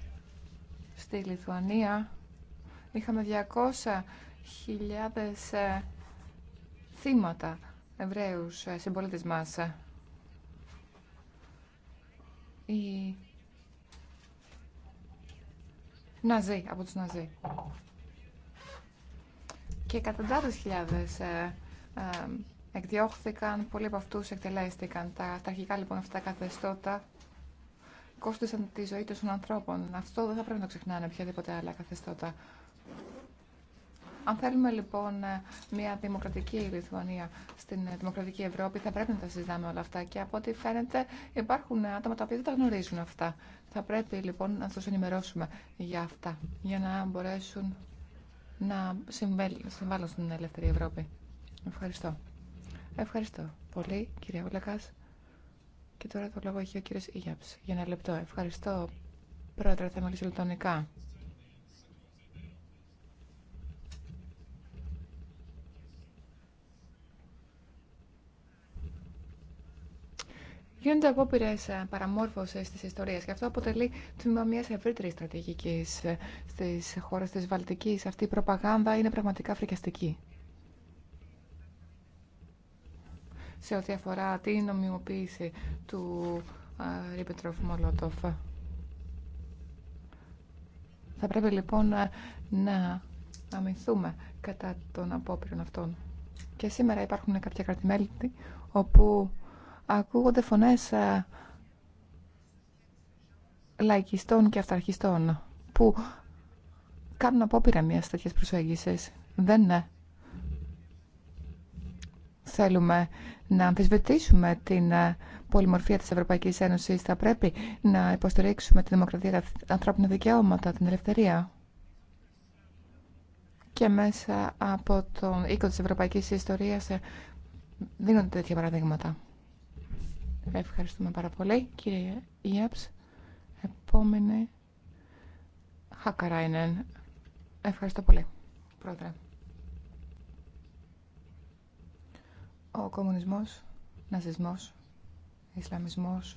Στη Λιθουανία Είχαμε 200.000 ε, θύματα Εβραίους ε, συμπολίτε μας. Οι Ναζί, από τους Ναζί. Και εκατοντάδες χιλιάδες ε, ε, εκδιώχθηκαν, πολλοί από αυτούς εκτελέστηκαν. Τα, αρχικά λοιπόν αυτά τα καθεστώτα κόστισαν τη ζωή των ανθρώπων. Αυτό δεν θα πρέπει να το ξεχνάνε οποιαδήποτε άλλα καθεστώτα. Αν θέλουμε λοιπόν ε, μια δημοκρατική Λιθουανία στην ε, δημοκρατική Ευρώπη, θα πρέπει να τα συζητάμε όλα αυτά. Και από ό,τι φαίνεται, υπάρχουν άτομα τα οποία δεν τα γνωρίζουν αυτά. Θα πρέπει λοιπόν να του ενημερώσουμε για αυτά, για να μπορέσουν να συμβάλλουν στην ελεύθερη Ευρώπη. Ευχαριστώ. Ευχαριστώ πολύ, κυρία Βλακά. Και τώρα το λόγο έχει ο κύριο Ήγιαψ Για ένα λεπτό. Ευχαριστώ, πρόεδρε. Θα μιλήσω Γίνονται απόπειρε παραμόρφωση τη ιστορία και αυτό αποτελεί τμήμα μια ευρύτερη στρατηγική ε, στι χώρε τη Βαλτική. Αυτή η προπαγάνδα είναι πραγματικά φρικιαστική. Σε ό,τι αφορά την νομιμοποίηση του ε, Ρίπετροφ Μολότοφ. Θα πρέπει λοιπόν ε, να αμυνθούμε κατά των απόπειρων αυτών. Και σήμερα υπάρχουν κάποια κρατημέλη όπου ακούγονται φωνές ε, λαϊκιστών και αυταρχιστών που κάνουν απόπειρα μια τέτοια προσέγγισης. Δεν ναι. Θέλουμε να αμφισβητήσουμε την ε, πολυμορφία της Ευρωπαϊκής Ένωσης. Θα πρέπει να υποστηρίξουμε τη δημοκρατία, τα ανθρώπινα δικαιώματα, την ελευθερία. Και μέσα από τον οίκο της Ευρωπαϊκής Ιστορίας δίνονται τέτοια παραδείγματα. Ευχαριστούμε πάρα πολύ, κύριε Ιέψ. Επόμενη, Χακαράινεν. Ευχαριστώ πολύ, πρόεδρε. Ο κομμουνισμός, ναζισμός, Ισλαμισμός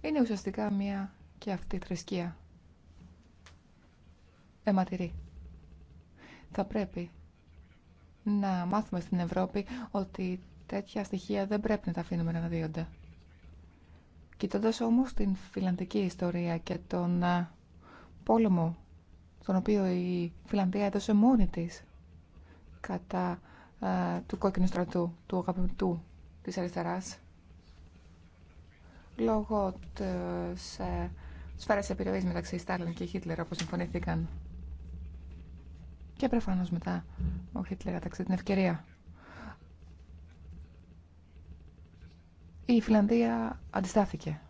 είναι ουσιαστικά μία και αυτή θρησκεία. Εματηρή. Θα πρέπει να μάθουμε στην Ευρώπη ότι Τέτοια στοιχεία δεν πρέπει να τα αφήνουμε να αναδύονται. Κοιτώντα όμως την φιλανδική ιστορία και τον πόλεμο τον οποίο η Φιλανδία έδωσε μόνη της κατά α, του κόκκινου στρατού, του αγαπητού της αριστεράς λόγω της ε, σφαίρας επιρροής μεταξύ Στάλιν και Χίτλερ όπως συμφωνήθηκαν και προφανώς μετά ο Χίτλερ έταξε την ευκαιρία η Φιλανδία αντιστάθηκε